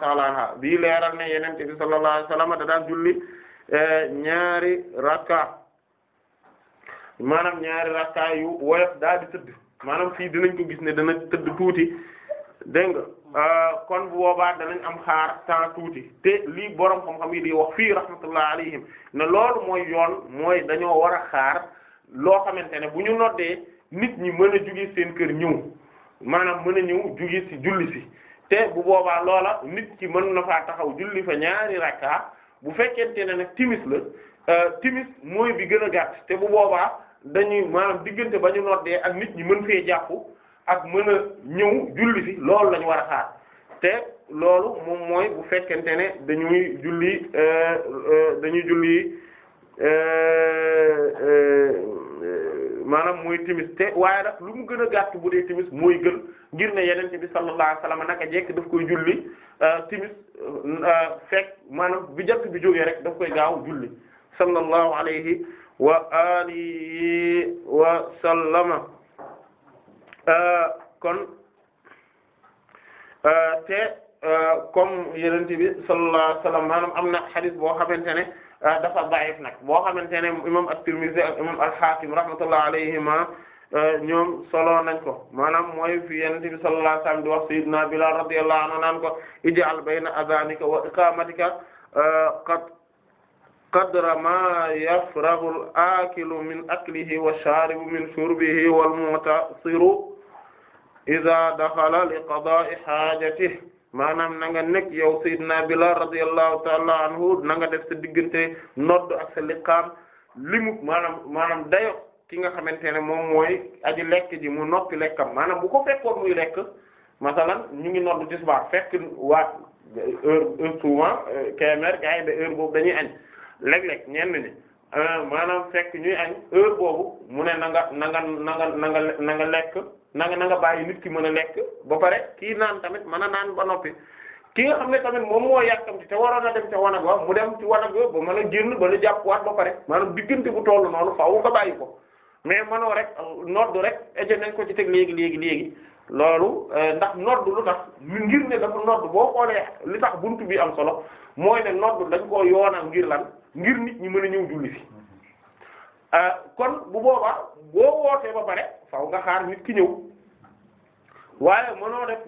ta'ala anha bi leeral ne Yonent bi sallallahu alayhi wa julli eh, ñaari rakka maanaam ñaari rakka yu woyof daal di tëdd maanaam fii dinañ ko gis ne dana tëdd tuuti dégg nga eh, kon bu boobaa danañ am xaar temps tuuti te lii borom xam-xam yi di wax fii rahmatullah alayhim ne loolu mooy yoon mooy dañoo war a xaar loo xamante ne bu ñu noddee nit ñi mën a jugee seen kër ñëw. maanaam mën a ñëw jugi ci julli si te bu boobaa loola nit ki mën na faa taxaw julli fa ñaari rakka bu fekkente ne nag timis la euh, timis mooy bi gën a gàtt te bu boobaa dañuy maanaam diggante ba ñu noddee ak nit ñi mën fee jàpp ak mën a ñëw julli si loolu la ñu xaar te loolu moom mooy bu fekkente ne dañuy julli euh, euh, dañuy julli maanaam muy timis te waaye nag lu mu gën a gàtt bu dee timis mooy gën ngir ne yenente bi sallallahu alayhi wasallam naka jekk daf koy julli euh, timis euh, fekk maanaam bi jant bi jógee rek daf koy gaaw julli sallallahu alayhi wa alihi wa sallama euh, kon te comme yenente bi sallallahu alayhi wasallam maanaam am na hadith boo xamante ne Ah, dafa da'if nag boo xamante ne imam at-Tirmidhi ak imam al-Hakim rahmatullah alayhima ah, ñoom solo nañ ko maanaam mooy fi Yonent bi sallallahu alayhi wasallam di wax sayyidina Bilal radiyallahu anhu naan ko ij'al bayna adhanika wa iqamatika ah, qad qadra ma yafraghu al-akilu min aklihi wa sharibu min shurbihi wal mu'tasiru idha dakhala li qada'i hajatihi maanaam na nekk yow Seydina Bilal radiyallahu ta'ala anhu na nga def sa diggante nodd ak sa liqaam limu maanaam maanaam dayo ki nga xamante ne moom mooy aji lekk ji mu noppi lekkam maanaam bu ko fekkoon muy lekk masalan ñu ngi nodd tisbaar fekk waat heure heure souvent euh, KMR gars yi heure boobu dañuy añ léeg-léeg ñenn ñi euh, maanaam fekk ñuy añ heure boobu mu ne na nga na nga na nga na nga lekk. na nga na nga bàyyi nit ki mën a nekk ba pare kii naan tamit mën a naan ba noppi ki nga xam ne tamit moom moo yàkkamti te waroon a dem ca wanag wa mu dem ci wanag wa ba mën a génn ba la jàppuwaat ba pare maanaam diggante bu toll noonu faaw nga bàyyi ko mais mënoo rek noddu rek eje nañ ko ci teg léegi léegi léegi loolu euh, ndax noddu lu tax ngir ne dafa noddu boo xoolee li tax bunt bi am solo mooy ne noddu dañ koo yoonal ngir lan ngir nit ñi mën a ñëw julli fi euh, kon bu boobaa boo wootee ba pare. faaw nga xaar nit ki ñëw waaye mënoo def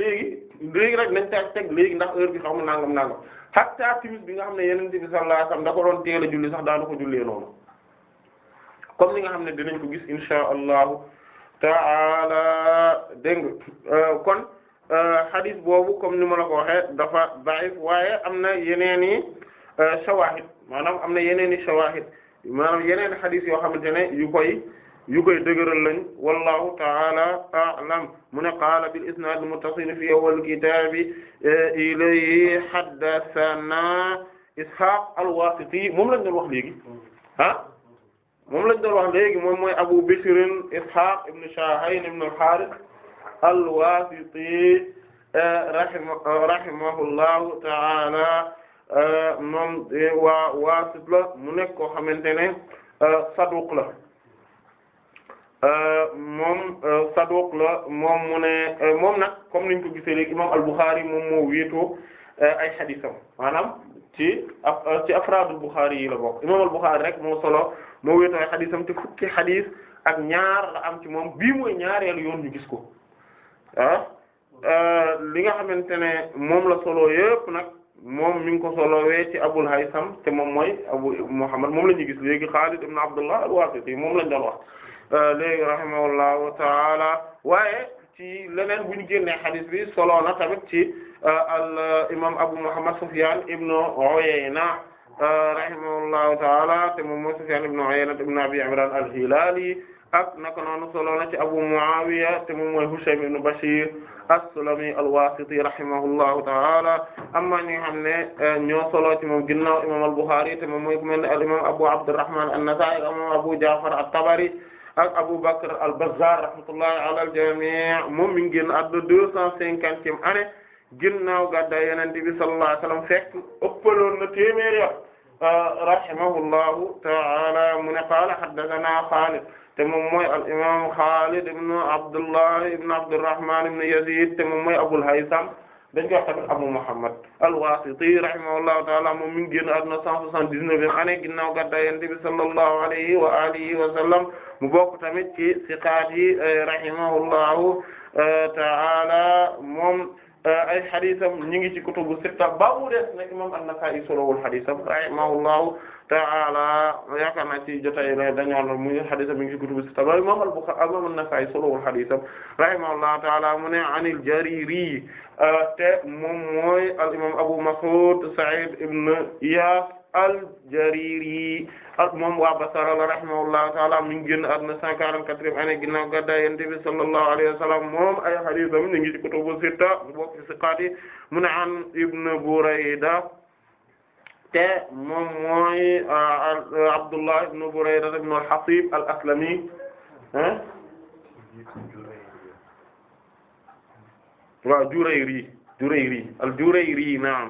léegi léegi rek nañ teg teg léegi ndax heure bi xaw ma nangam nangam hatta timis bi nga xam ne yeneen bi sallallahu alayhi wasallam da ko doon a julli sax daanu ko jullee noonu comme nga xam ne dinañ ko gis insha allahu taala dégg euh, kon euh, hadith boobu comme ni ma la dafa da'if waaye am na yeneen i euh, shawahid maanaam am na yeneen i shawahid maanaam yeneen hadith yoo xamante ne yu koy. yu koy dëgëral lañ wallahu ta'ala a'lam mu ne qaala bil isnaad muttasil fi awwal kitaabi ilayhi haddathana Ishaq al-Wasiti moom lañ doon wax léegi ah moom lañ doon wax léegi moom mooy Abu Bishr Ishaq ibn Shahayn ibn al-Harith al-Wasiti rahimahullahu ta'ala moom waa Waasit la mu nekk koo xamante ne saduq la Euh, moom euh, saduq la moom mu ne euh, moom nag comme niñ ko gisee léegi imam al-Bukhari moom moo wéetoo ay xadisam maanaam ci a ci afraadul Bukhari yi la bokk imam al-Bukhari rek moo solo moo wéetoo ay xadisam te fukki xadis ak ñaar la am ci moom bii mooy ñaareelu yoon ñu gis ko ah li nga xamante ne moom la solo yëpp nag moom mi ngi ko solowee ci Abul Haytham te moom mooy Abu Muhammad moom la ñuy gis léegi Khalid ibn Abdullah al-Wasiti moom lañ doon wax léegi rahimahullahu taala waaye ci leneen bu ñu génnee xadis bi solo na tamit ci euh, imam Abu Muhammad Sufyan ibn Uyayna euh, rahimahullahu taala te moom mooy Sufyan ibn Uyayna ibn Abi Imran al-Hilali ak Abu Muawiya te moom mooy Hushaym ibn Bashir as-Sulami al-Wasiti rahimahullahu taala amma ñi nga xam euh, solo ci moom imam al-Bukhari Abu Abdurrahman an-Nasa'i Abu Ja'far at-Tabari ak Abu Bakr al-Bazzar rahmatullahi ala al-jami' moom mi ngi génn àdduna deux cent cinquantième année ginnaaw gàddaay Yonent bi sallallahu alayhi wa sallam fekk ëppaloon na téeméeri at euh, rahimahullahu ta'ala mu ne qaala haddathana Xaalid te moom mooy al imaam Xaalid ibn Abdullah ibn Abdurrahman ibn Yazid te moom mooy Abul Haytham dañ koy wax tamit Abu Muhammad al-Wasiti rahimahullahu ta'ala moom mi ngi génn àdduna cent soixante-dix-neuvième année ginnaaw gàddaay Yonent bi sallallahu alayhi wa alihi wa sallam mu bokk tamit ci siqaat yi euh, rahimahullahu euh, ta'ala moom euh, ay xadisam ñi ngi ci kutubu sitta ba mu des nag imam an-Nasa'i solowul xadisam rahimahullahu ta'ala yaakaar naa ci jotaay la dañoo la muy xadisam mi ngi ci kutubu sitta ba imam al-Bukhari ah, imam an-Nasa'i solowul xadisam rahimahullahu ta'ala mu ne anil Jariri te moom mooy al imam Abu Mas'ud Sa'id ibn Iyas al-Jariri ak moom waa Basra la rahimahullahu taala mi ngi génn àdduna 144e année ginnaaw gàddaay Yonent bi sallallahu alayhi wa sallam moom ay hadiisam ñu ngi ci kutubu sitta bokk ci siqaat yi mu ne an Ibn Burayda te moom mooy ah, Abdullah ibn Burayda ibn al-Hasib al-Aslami waaw Jurayri Jurayri al-Jurayri naam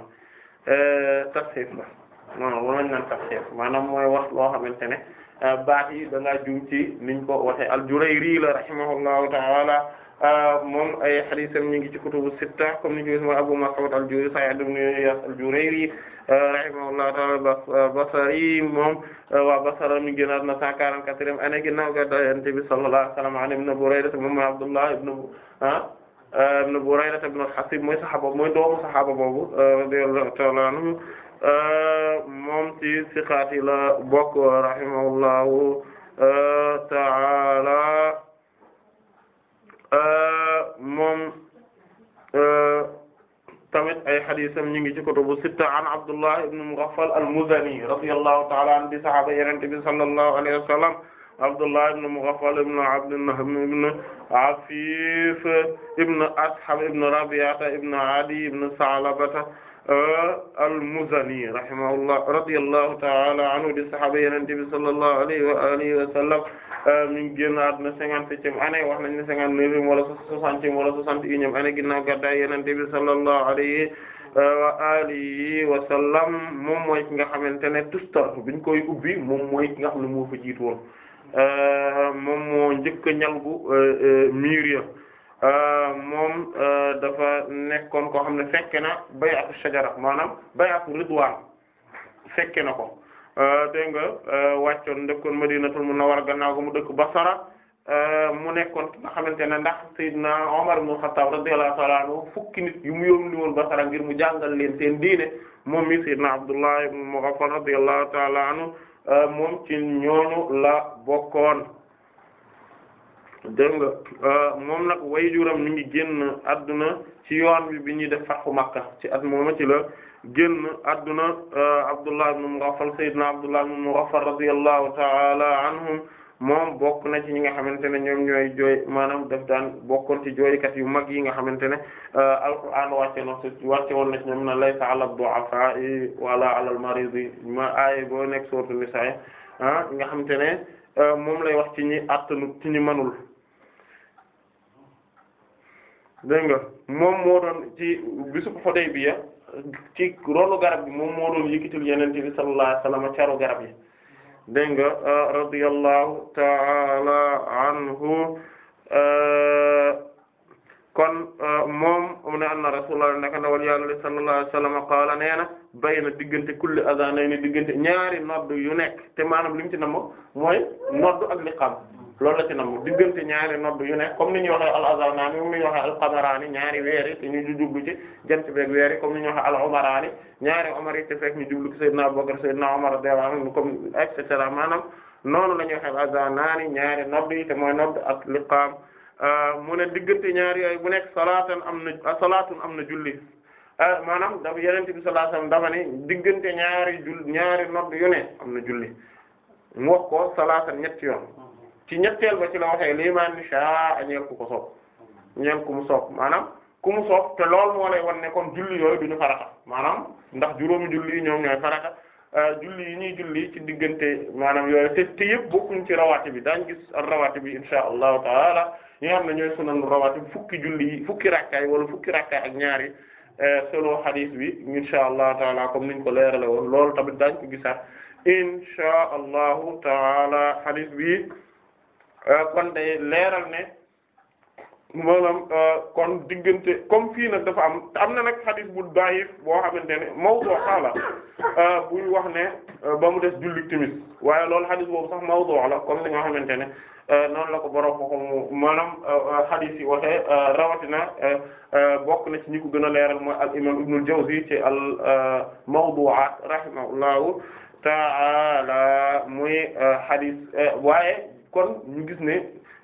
eh, tasxiif la maanaam loolu lañ naan tafsir maanaam wax loo xamante ne euh, baat yi da ngaa juum ci niñ ko waxee al la rahimahullahu ta'ala euh, moom ay hadiisam ñu ngi ci kutubu sitta comme Abu Mas'ud al-Jurayri euh, ta'ala Basri moom waa Basra mi génnaat na 144e année ginnaaw gàddaay Yonent bi sallallahu alayhi wa sallam an Ibn Burayda moom Abdullah ibn ah, ibn Burayda ibn al-Hasib mooy saxaaba mooy doomu saxaaba boobu radiyallahu ta'ala anhu Euh, moom ci siqaat yi la bokk rahimahullahu euh, ta'ala euh, moom tamit ay xadiisam ñu ngi ci kutubu sitta an Abdullah ibn Mughaffal al-Muzani radiyallahu ta'ala an bi sahaaba Yonent bi sallallahu alayhi wa sallam Abdullah ibn Mughaffal ibn Abd ibn Afif ibn Ashham ibn Rabi'ata ibn Adi ibn Sa'labata al-Muzani rahimahullah radiyallahu ta'ala anhu di sahaaba Yonent bi sallallahu alayhi wa alihi wa sallam mi ngi génn àdduna cinquante-septième wax nañ ne cinquante-neuvième wala soixantième wala soixante-unième année ginnaaw gàddaay Yonent bi sallallahu alayhi wa alihi wa sallam moom mooy ki nga xamante ne biñ koy ubbi moom mooy ki nga xam ne moo fa jiitu woon euh, moom moo njëkk a ñalgu euh, euh, miir Euh, moom euh, dafa nekkoon koo xam ne fekke na bay'atu shajara maanaam bay'atu ridwaan fekke na ko euh, dégg nga wàccoon dëkkoon Madinatul Munawwara gannaaw ga mu dëkk Basra mu nekkoon nga xamante ne ndax Seydina Omar ibn Khattab radiyallahu ta'ala anhu fukki nit yu mu woon Basra ngir mu jàngal leen seen diine moom mi Seydina Abdullah ibn Mughaffal radiyallahu ta'ala anhu moom ci ñooñu la bokkoon. dégg nga euh, moom nag wayjuram mi ngi génn adduna ci yoon bi bi ñuy def fatxu Makka ci at mooma ci la génn adduna euh, Abdullah ibn Mughaffal na Abdullah ibn Mughaffal radiyallahu ta'ala anhum moom bokk na ci ñi nga xamante ne ñoom ñooy jooy maanaam daf daan bokkoon ci jooykat yu mag yi nga xamante ne euh, alquran wàcce na wàcce won na ci ñoom na laysa ala du'afa'i wala ala al-maridi ma aaye boo nekk sourate Nisaa ah nga xamante ne moom lay wax ci ñi attanu ci ñi manul dégg nga moom moo doon ci bisub Hudaybiya ci ronu garab bi moom moo doon yëkkatil Yonent bi sallallahu wasallam caru garab yi dégg nga euh, radiyallahu ta'ala anhu euh, kon euh, moom mu anna rasulullah naka ndawal yàlla sallallahu alayhi wasallam qaala nee na bay na diggante kulli diggante ñaari nodd yu nekk te maanaam mu ci na mooy nodd ak liqaam loolu la ci diggante ñaari nodd yu ne comme ni ñuy waxee al azanaani moom ni ñuy waxee al qamaraani ñaari weeri te ñu jublu ci jant beeg weeri comme ni ñuy waxee al omaraani ñaari omar yi te fekk ñu jublu ci sayyidna Abubakar sayyidna Umar radiyallahu anhu comme et cetera maanaam noonu la ñuy waxee al azanaani ñaari nodd yi te mooy nodd ak liqaam euh, mu ne diggante ñaari yooyu bu nekk salaatan am na salaatun am na julli euh, maanaam da yenente bi sallallahu alayhi diggante ñaari jull ñaari nodd yu ne am na julli mu ko salaatan ñetti yoon ci ñetteel ba ci la waxee liman shaa ñeel ku ko sopp ñeel ku mu sopp maanaam ku mu sopp te lool moo lay wan ne kon julli yooyu duñu farata maanaam ndax juróomi julli yi ñoom ñooy farata euh, julli yi ñuy julli ci diggante maanaam yooyu te te bokkuñ ci rawaati bi daañ gis rawaati bi insha allahu taala ñi nga xam ne ñooy sunan rawaati fukki julli yi fukki rakkaay wala fukki rakkaay ak ñaari euh, solo hadith bi insha allahu taala comme niñ ko leerale woon loolu tamit daañ ko gisaat insha Euh, kon day leeral ne maanaam euh, kon diggante comme fii nag dafa am am na nag xadis bu dayif boo xamante ne mawdu xaala euh, buy wax ne ba mu des jullit tamit waaye loolu xadis boobu sax mawdu la comme ni nga xamante ne noonu la ko borom ko maanaam xadis yi waxee rawatina bokk na ci ñi ko gën a leeral mooy al imam ibnul Jawzi ci al mawdu'aat rahimahullahu ta'ala muy xadis waaye kon ñu gis ne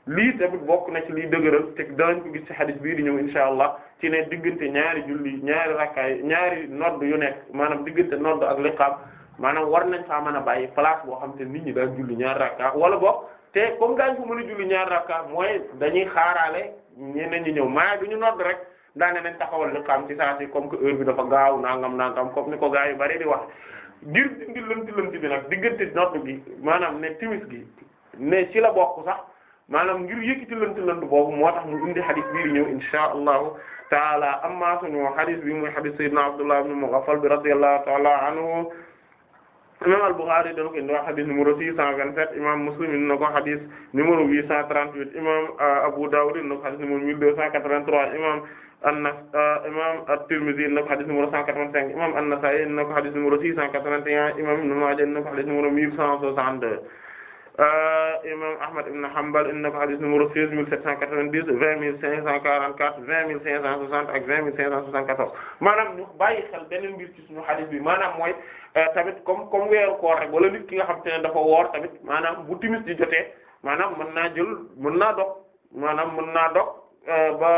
lii tamit bokk na ci lii dëgëral te danañ ko gis ci xadis bii di ñëw insha allah ci ne diggante ñaari julli ñaari rakkaay ñaari nodd yu nekk maanaam diggante nodd ak liqaam maanaam war nañ faa mën a bàyyi place boo xam te nit ñi daan julli ñaari rakka wala boog te comme daañ ko mën a julli mooy dañuy xaaraale ñeneen ñi ñëw maa du ñu nodd rek daane nañ taxawal liqaam ci saa si comme que heure bi dafa gaaw nangam nangam comme ni ko gaa yu bari di wax ngir dindi lënti lënti diggante nodd gi maanaam ne timis gi ne ci la bokk sax maanaam ngir yëkkati lënt lënt boobu moo tax mu indi hadith bii ñëw insha allahu taala amma suñu hadith bi muy hadith sayyidina Abdullah ibn Mughaffal bi radiyallahu taala anhu imam al-Bukhari dana ko indi hadith numéro 627 imam Muslim indi na ko hadith numéro 838 imam euh, Abu Dawud indi na ko hadith numéro 1283 imam anna euh, imam at-Tirmidhi indi na ko hadith numéro 185 imam an-Nasa'i indi na ko hadith numéro 681 imam Ibn Majah indi na ko hadith numéro 1162 Euh, imam Ahmad ibn Hanbal indi na ko hadith numéro mil 20544 20560 ak 20574 maanaam ñu bàyyi xel beneen mbir ci suñu hadith bi maanaam mooy euh, tamit comme comme weeru koor rek wala nit ki nga xam te ne dafa woor tamit maanaam bu timis di jotee maanaam mën naa jël mën naa dog maanaam mën naa dog euh, ba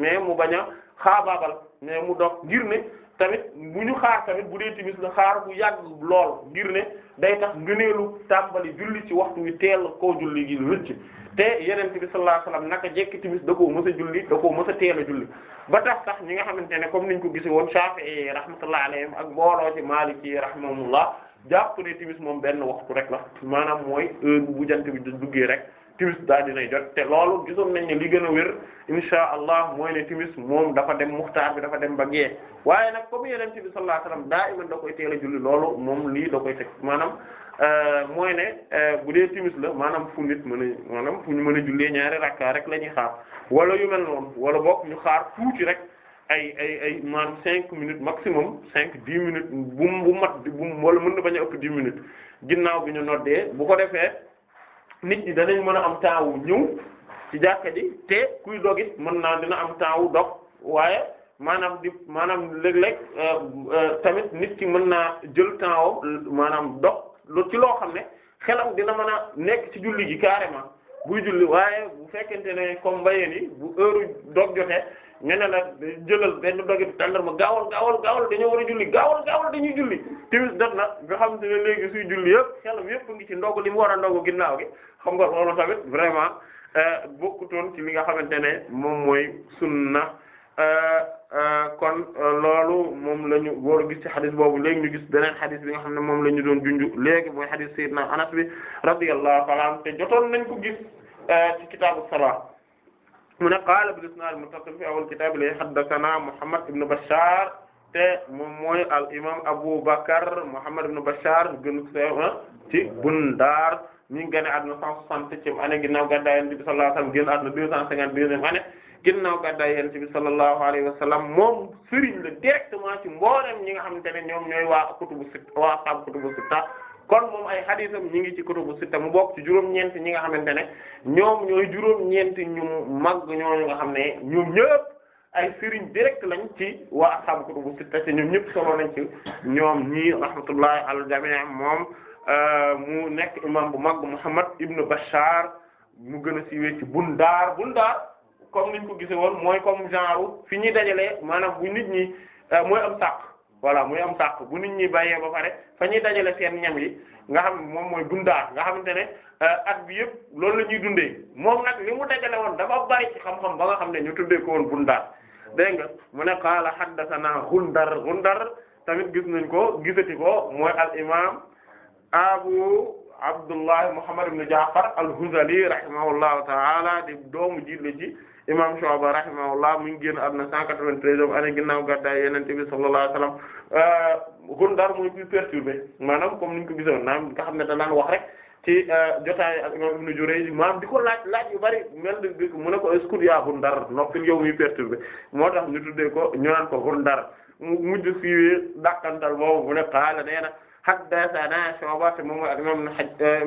mais mu bañ a xaabaabal mais mu dog ngir ne tamit bu ñu xaar tamit bu dee timis la xaar bu yàgg lool ngir ne. day tax ngëneelu tàmbali julli ci waxtu wi teel ko julli gi rëcc te yenente bi sallallahu alayhi wasallam naka jekki timis da koo mës a julli da koo mës a teel a julli ba tax tax ñi nga xamante ne comme niñ ko gise woon Shafi'i rahmatullahi alayhim ak mbooloo ci Maliki rahimahumullah jàpp ne timis moom benn waxtu rek la maanaam mooy heure bu jant bi duggee rek timis daal dinay jot te loolu gisoon nañ ne li gën a wér insha allah mooy ne timis moom dafa dem muxtaar bi dafa dem ba gee waaye nag comme yenente bi sallallahu alayhi wasallam daa iman da koy teel a julli loolu moom lii da koy teg maanaam euh, mooy ne euh, bu dee timis la maanaam fu nit mën a maanaam fu ñu mën a jullee ñaari rakka rek la ñuy xaar wala yu mel noonu wala bokk ñu xaar tuuti rek ay ay ay maanaam cinq minutes maximum cinq dix minutes bu bu mat bu wala mën na bañ a ëpp dix minutes ginnaaw bi ñu noddee bu ko defee nit ñi danañ mën a am temps wu ñëw ci jàkka ji te kuy dog it mën naa dina am temps dog waaye maanaam di maanaam léeg-léeg euh, euh, tamit nit ki mën naa jël temps maanaam dog loo ci loo xam ne xelam dina mën a nekk ci julli gi carrément buy julli waaye bu fekkente ne comme mbayeen yi bu heure dog jotee ñu ne la jëlal benn dogi tàndarma gaawal gaawal gaawal dañoo war a julli gaawal gaawal dañuy julli timis def na nga xam te ne léegi suy julli yëpp xelam yëpp ngi ci ndogu li mu war a ndogu ginnaaw gi xam nga loolu tamit vraiment euh, bokkutoon ci li nga xamante ne moom mooy sunna euh, euh, kon loolu moom la ñu gis ci xadis boobu léegi ñu gis beneen xadis bi nga xam ne moom la ñu doon junj léegi mooy xadis Seydina Anas bi radiyallahu ta'ala anhu te jotoon nañ ko gis ci kitaabu salaat mu ne qaala bil isnaad muttasil fi awwal kitaab li haddathana Muhammad ibn Bashar moom mooy al imam Abu Bakr Muhammad ibn Bashar gën ah, ci Bundaar mi ngi génn àdduna cent soixante-septième année ginnaaw gàddaay bi sallallahu alayhi wa sallam génn àdduna deux cent cinquante-deuxième année ginnaaw gàddaay Yonent bi sallallahu alayhi wa moom sëriñ la directement ci mboolem ñi nga xam ne ñoom ñooy waa kutubu sitta waa ashab moom ay xadiisam ñi ngi ci kutubu sitta mu bokk ci juróom-ñeent ñi nga xamante ne ñoom ñooy juróom ñeenti ñu mag ñooñu nga xam ne ñoom ñëpp ay sëriñ direct lañ ci waa ashab kutubu sitta te ñoom ñëpp solo nañ ci ñoom ñii rahmatullahi al jami' moom Euh, mu nekk imam bu mag Muhammad ibn Bashar mu gën a siiwee ci Bundaar Bundaar comme niñ ko gisee woon mooy comme genre fi ñuy dajalee maanaam bu nit ñi euh, mooy am sàq voilà mooy am sàq bu nit ñi bàyyee ba pare fa ñuy dajale seen ñam yi nga xam moom mooy Bundaar nga xamante ne euh, at bi yëpp loolu la ñuy dundee moom nag li mu dajale woon dafa bari ci xam-xam ba nga xam ne ñu tuddee ko woon Bundaar dégg nga mu ne qaala haddathana Gundar Gundar tamit gis nañ ko gisati ko mooy al imam Abu Abdullah Muhammad ibn Ja'far al-Hudhali rahimahullahu ta'ala di doomu jiitle ji imam Shu'ba rahimahullah mu ngi génn àdduna 193 ane ginnaaw gàddaay Yonent bi sallallahu alayhi wa sallam euh, Gundar mooy plus perturbé maanaam comme ni ñu ko gisoon naam nga xam ne da naan wax rek ci euh, jotaay ak imam Ibn Jurayj maanaam di ko laaj laaj yu bari mel ni mu ne ko escoute yaa Gundar noppil yow muy perturbé moo tax nu tuddee ko ñu naan ko Gundar mu mujj siiwee dàqantal boobu mu ne qaala nee haddathana Shu'ba moom mooy imam al-Hajjaj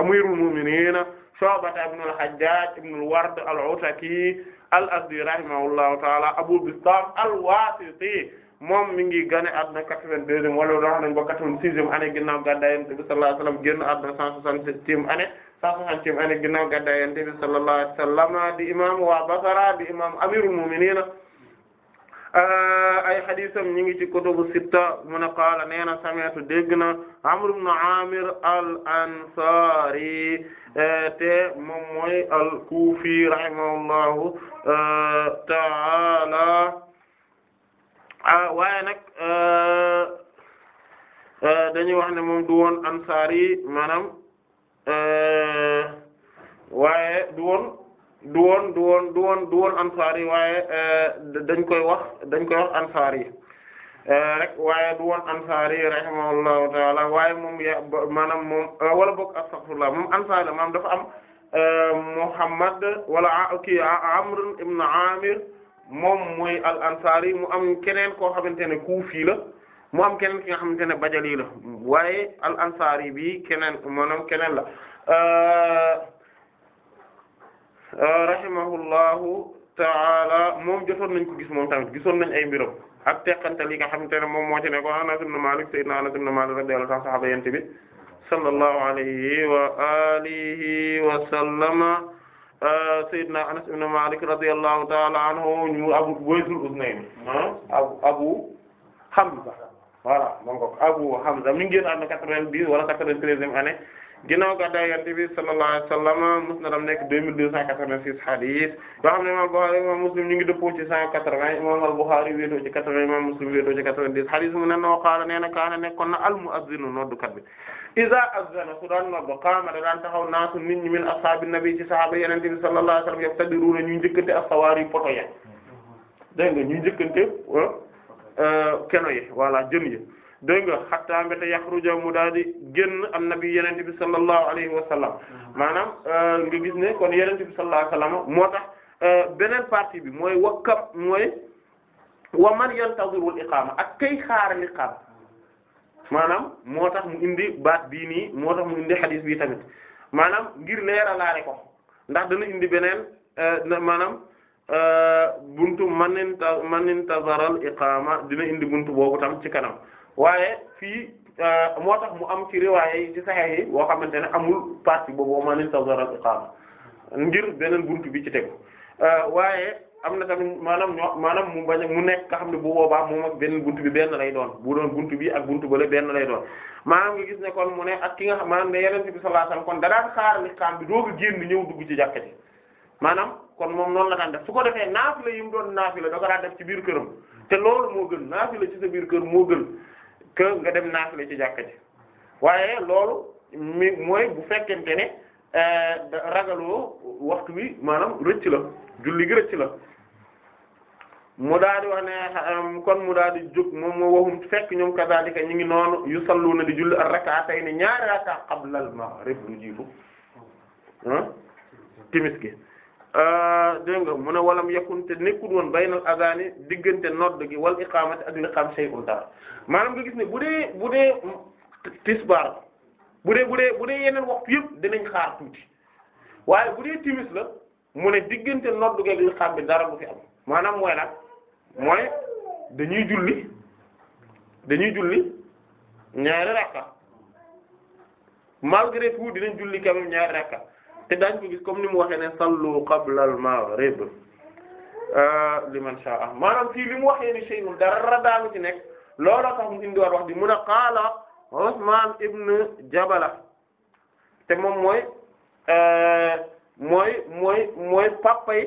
amirul mu'minin Shu'ba ibn al-Hajjaj ibn al-Ward al-Ataki al-Azdi rahimahullahu ta'ala Abu Bistam al-Wasiti moom mi ngi gane àdduna 82e wala wax nañ ba 86e année ginnaaw gàddaay Yonent bi sallallahu alayhi wasallam génn àdduna 167e année 167e année ginnaaw gàddaay Yonent bi sallallahu alayhi wasallam di imam waa Basra di imam amirul mu'minin Euh, ay xadisam ñi ngi ci kutubu sitta mu ne qaala nee na sami'tu dégg na Amr ibn Amir al-Ansari euh, te moom mooy al-Kufi rahimahullahu euh, ta'ala ah, waaye nag dañuy wax ne moom du woon Ansari maanaam waaye du woon du woon du woon du woon du woon ansaar yi waaye eh, dañ koy wax dañ koy wax ansaar yi eh, rek waaye du woon ansaar yi taala waaye moom ya maanaam moom eh, wala bokk astaghfirullah moom ansaar la maanaam dafa am Muhammad wala kii Amr ibn Amir moom mooy al ansaar yi mu am keneen koo xamante ne kuufi la mu am keneen ki nga xamante ne bajali la waaye al ansaar yi bi keneen maanaam keneen la. rahimahullahu taala moom jotoon nañ ko gis moom tamit gisoon nañ ay mbiram ak teqantal yi nga xamante ne moom moo ci nekkoon Anas ibn Malik sayyidina Anas ibn Malik radiyallahu anhu sahaba yent bi sallallahu alayhi wa alihi wa sallama sayyidina Anas ibn Malik radiyallahu taala anhu ñu abu waysul uznayn ah, abu abu Hamza voilà moom ko abu Hamza mi ngi génn àdduna quatre-vingt-dix wala quatre-vingt-treizième année ginnaaw gàddaay yonent bi sallallahu alayhi wa nekk deux mille deux cent quatre-vingt-six hadith yoo Muslim ñu ngi dëppoo ci cent quatre-vingts imam al-Bukhari wéetoo ci quatre-vingts imam mu ne noo xaala na kaana nekkoon na al-mu'azzinu noddukat bi iza azzana su daan nodd qaama da daan taxaw naasu nit ñi min ashaabi nabi ci sahaaba yonent bi sallallahu alayhi wa sallam yaqtadiruuna ñuy poto ya dégg nga ñuy ah, keno yi dégg nga xatta mbéta yaxruja mu daal di génn an nabi yenente bi sallallahu alayhi wa sallam mm-hmm. maanaam euh, nga gis ne kon yenente bi sallallahu alayhi moo tax euh, beneen partie bi mooy wakkam mooy wa man yantaziru iqaama ak kay xaaral iqaama maanaam moo tax mu indi baat bii nii moo tax mu indi xadis bii tamit maanaam ngir leeralaale ko ndax dana indi beneen euh, maanaam buntu man inta man intazara al iqaama dina indi buntu boobu tam ci kanam waaye fii euh, moo tax mu am ci riwaay yi ci saxeex yi boo xamante ne amul partie boobu ma leen tawsar al iqama ngir beneen buntu bi ci tegu euh, waaye am na tamit maanaam ñoo maanaam mu bañ mu nekk nga xam ne bu boobaa moom ak beneen buntu bi benn lay doon bu doon bunt bi ak bunt buntu bële benn lay doon maanaam ngi gis ne kon mu ne ak ki nga xam maanaam ne yeneen bi sallallahu kon da daan xaar liqaam bi dooga génn ñëw dugg ci jàkka ji maanaam kon moom noonu la daan def su ko defee naafila yi mu doon naafila da ko daan def ci biir këram te loolu moo gën naafila ci sa biir kër moo gën que nga dem naafila ci jàkka ji waaye loolu mi mooy bu fekkente ne euh, ragaloo waxtu wi maanaam rëcc la julli gi rëcc la mu daal di wax ne kon mu daal di jóg moom moo waxum fekk ñoom kadaalika ñi ngi noonu yu sallu na di julli a rak'atayn ni ñaari rak'a qabla al-maghrib lu jiitu ah timis gi euh, dégg nga mu ne walam yakun te nekkul bay bayna al-adhan diggante nodd gi wal iqamati ak liqam shay'un dara maanaam nga gis ne bu dee bu dee tisbaar bu dee bu dee bu dee yeneen waxtu yëpp dinañ xaar tuuti waaye bu dee timis la mu ne diggante noddu geeg li xam bi dara bu fi am maanaam mooy nag mooy dañuy julli dañuy julli ñaari rakka malgré tout dinañ julli quand même ñaari rakka te daañ ko gis comme ni mu waxee ne sallu qabla al maghrib euh, liman sha'a maanaam fii li mu waxee ni shay'un dara daanu ci nekk looloo tax mu indiwaat wax di mun a qaala Usmaan ibn Jabala te moom mooy euh, mooy mooy mooy papay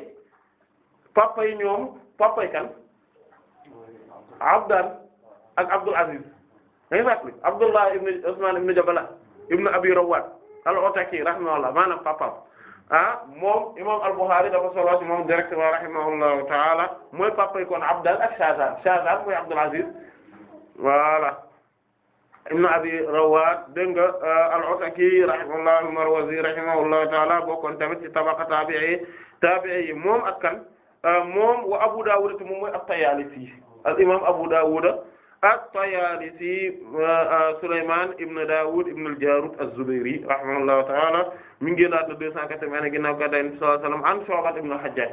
papay ñoom papay kan Abdan ak Abdul Aziz exactly Abdullah ibn Usmaan ibn Jabala ibn Abi Rawat al-Ataki rahimahullah maanaam papa ah moom imam al-Bukhari dafa solo ci moom directement rahimahullahu ta'ala mooy papay kon Abdan ak Shazan Shazan mooy Abdul Aziz voilà ibn abi rawat dégg nga euh, al-Utaki rahimahullah al-Marwazi rahimahullahu taala bokkoon tamit ci tabaqa tabi'i tabi'i yi moom ak kan euh, moom wa Abu Dawud moom mooy at-Tayalisi al-imam Abu Dawud at-Tayalisi euh, Sulayman ibn Dawud ibn al-Jarud az-Zubayri rahimahullahu taala mi ngi génnaat na deux cent quatre ibn al-Hajjaj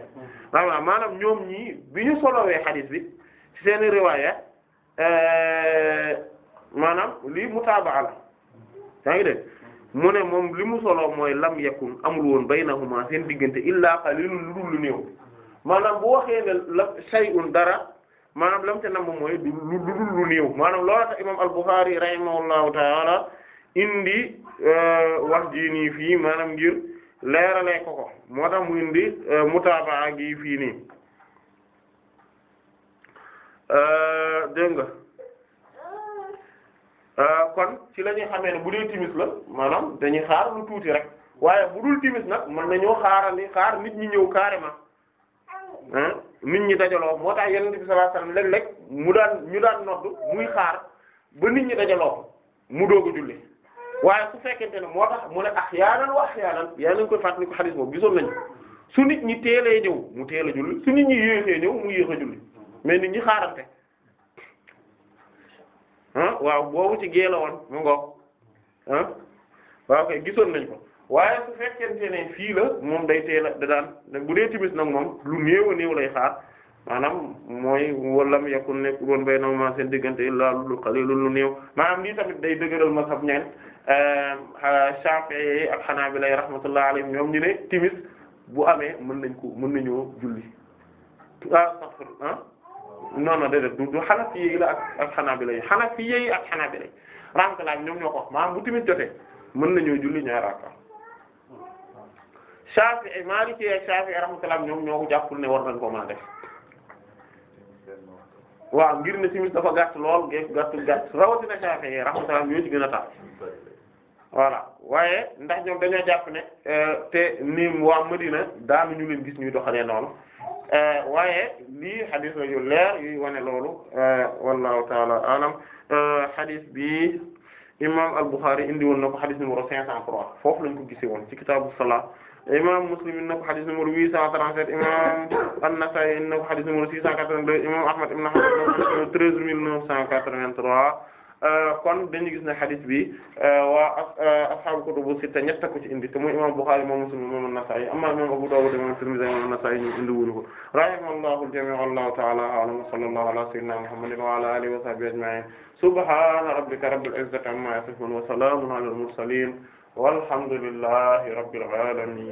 maanaam ñoom ñii bi ñu solowee xadiis bi ci seeni riwaaya Euh, maanaam lii mutaabaa la yaa ngi dégg mu ne moom li mu solo mooy lam yakun amul woon baynahuma seen diggante illaa qalilun lu dul lu néew maanaam bu waxee ne la dara maanaam lam te na moom mooy du lu dul lu néew maanaam loola tax imam al-Bukhari rahimahullahu ta'ala indi euh, wax ji nii fii maanaam ngir leeralee ko ko moo mu indi euh, mutaabaa gi fii nii Euh, dégg nga ah. euh, kon ci la ñuy xamee ne bu dee timis la maanaam dañuy xaar lu tuuti rek waaye bu dul timis nag mën nañoo xaarandi xaar nit ñi ñëw carrément ah nit ñi dajaloo moo tax Yonent bi sallallahu alayhi wasallam léeg mu daan ñu daan nodd muy xaar ba nit ñi dajaloo mu doog a julli ah. waaye su fekkente ne moo tax mu ne ahyaanan wa ahyaanan yaa nañ koy fàttali ko xadiis boobu gisoon nañu su nit ñi teelee ñëw mu teel a julli su nit ñi yéexee ñëw mu yéex a mais nit ñi xaarante ah waaw boobu ci gée la woon mu ngoog ah waaw kay gisoon nañ ko waaye su fekkente ne fii la moom day teel a da daan bu dee timis nag moom lu néew a néew lay xaar maanaam mooy walam yakun nekk woon bay naw ma seen diggante illaa lu qalilun lu néew maanaam lii tamit day dëgëral mazhab ñaan ehm, Shafi'i ak Hanabila rahmatullah alayhim ñoom ñu ne timis bu amee mën nañ ko mën nañoo julli ah, non non déedéet du du xanafi yi la ak ak xanaabila yi xanafi yi ak xanaabila ñoom ñoo ko wax bu tamit jotee mën nañoo julli ñaari rakka Shafi'i Maliki ak Shafi'i rahmatullah ñoom ñoo ko jàppul ne war mën a def ngir ne tamit dafa gàtt ñoo ci a tax voilà waaye ndax ñoom dañoo jàpp ne euh, te ni waa Madina daanu ñu leen gis ñuy doxalee noonu euh, waaye lii xadis la yu leer yuy wane loolu euh, wallahu taala alam euh, xadis bi imam al-Bukhari indi woon na ko xadis numéro 503 foofu lañ ko gisee woon ci kitaabu salaat imam Muslim indi na ko xadis numéro 837 imam an-Nasa'i indi na ko xadis numéro 682 imam Ahmad ibn Hanbal indi na ko Euh, kon dañu gis ne hadith bi euh, waa ashaabu euh, kutubu sitta ñett ko ci indi te muy imam Bukhari moom Muslim moom An-Nasa'i amma imam Abu Dawud imam Tirmidhi imam An-Nasa'i ñu indi wuñu ko rahimallahu al-jami' wallahu ta'ala a'lam wa sallallahu ala sayyidina Muhammadin wa ala alihi wa sahbihi ajma'in subhana rabbika rabbil izzati amma yasifun wa salamun ala al-mursalin walhamdulillahi rabbil alamin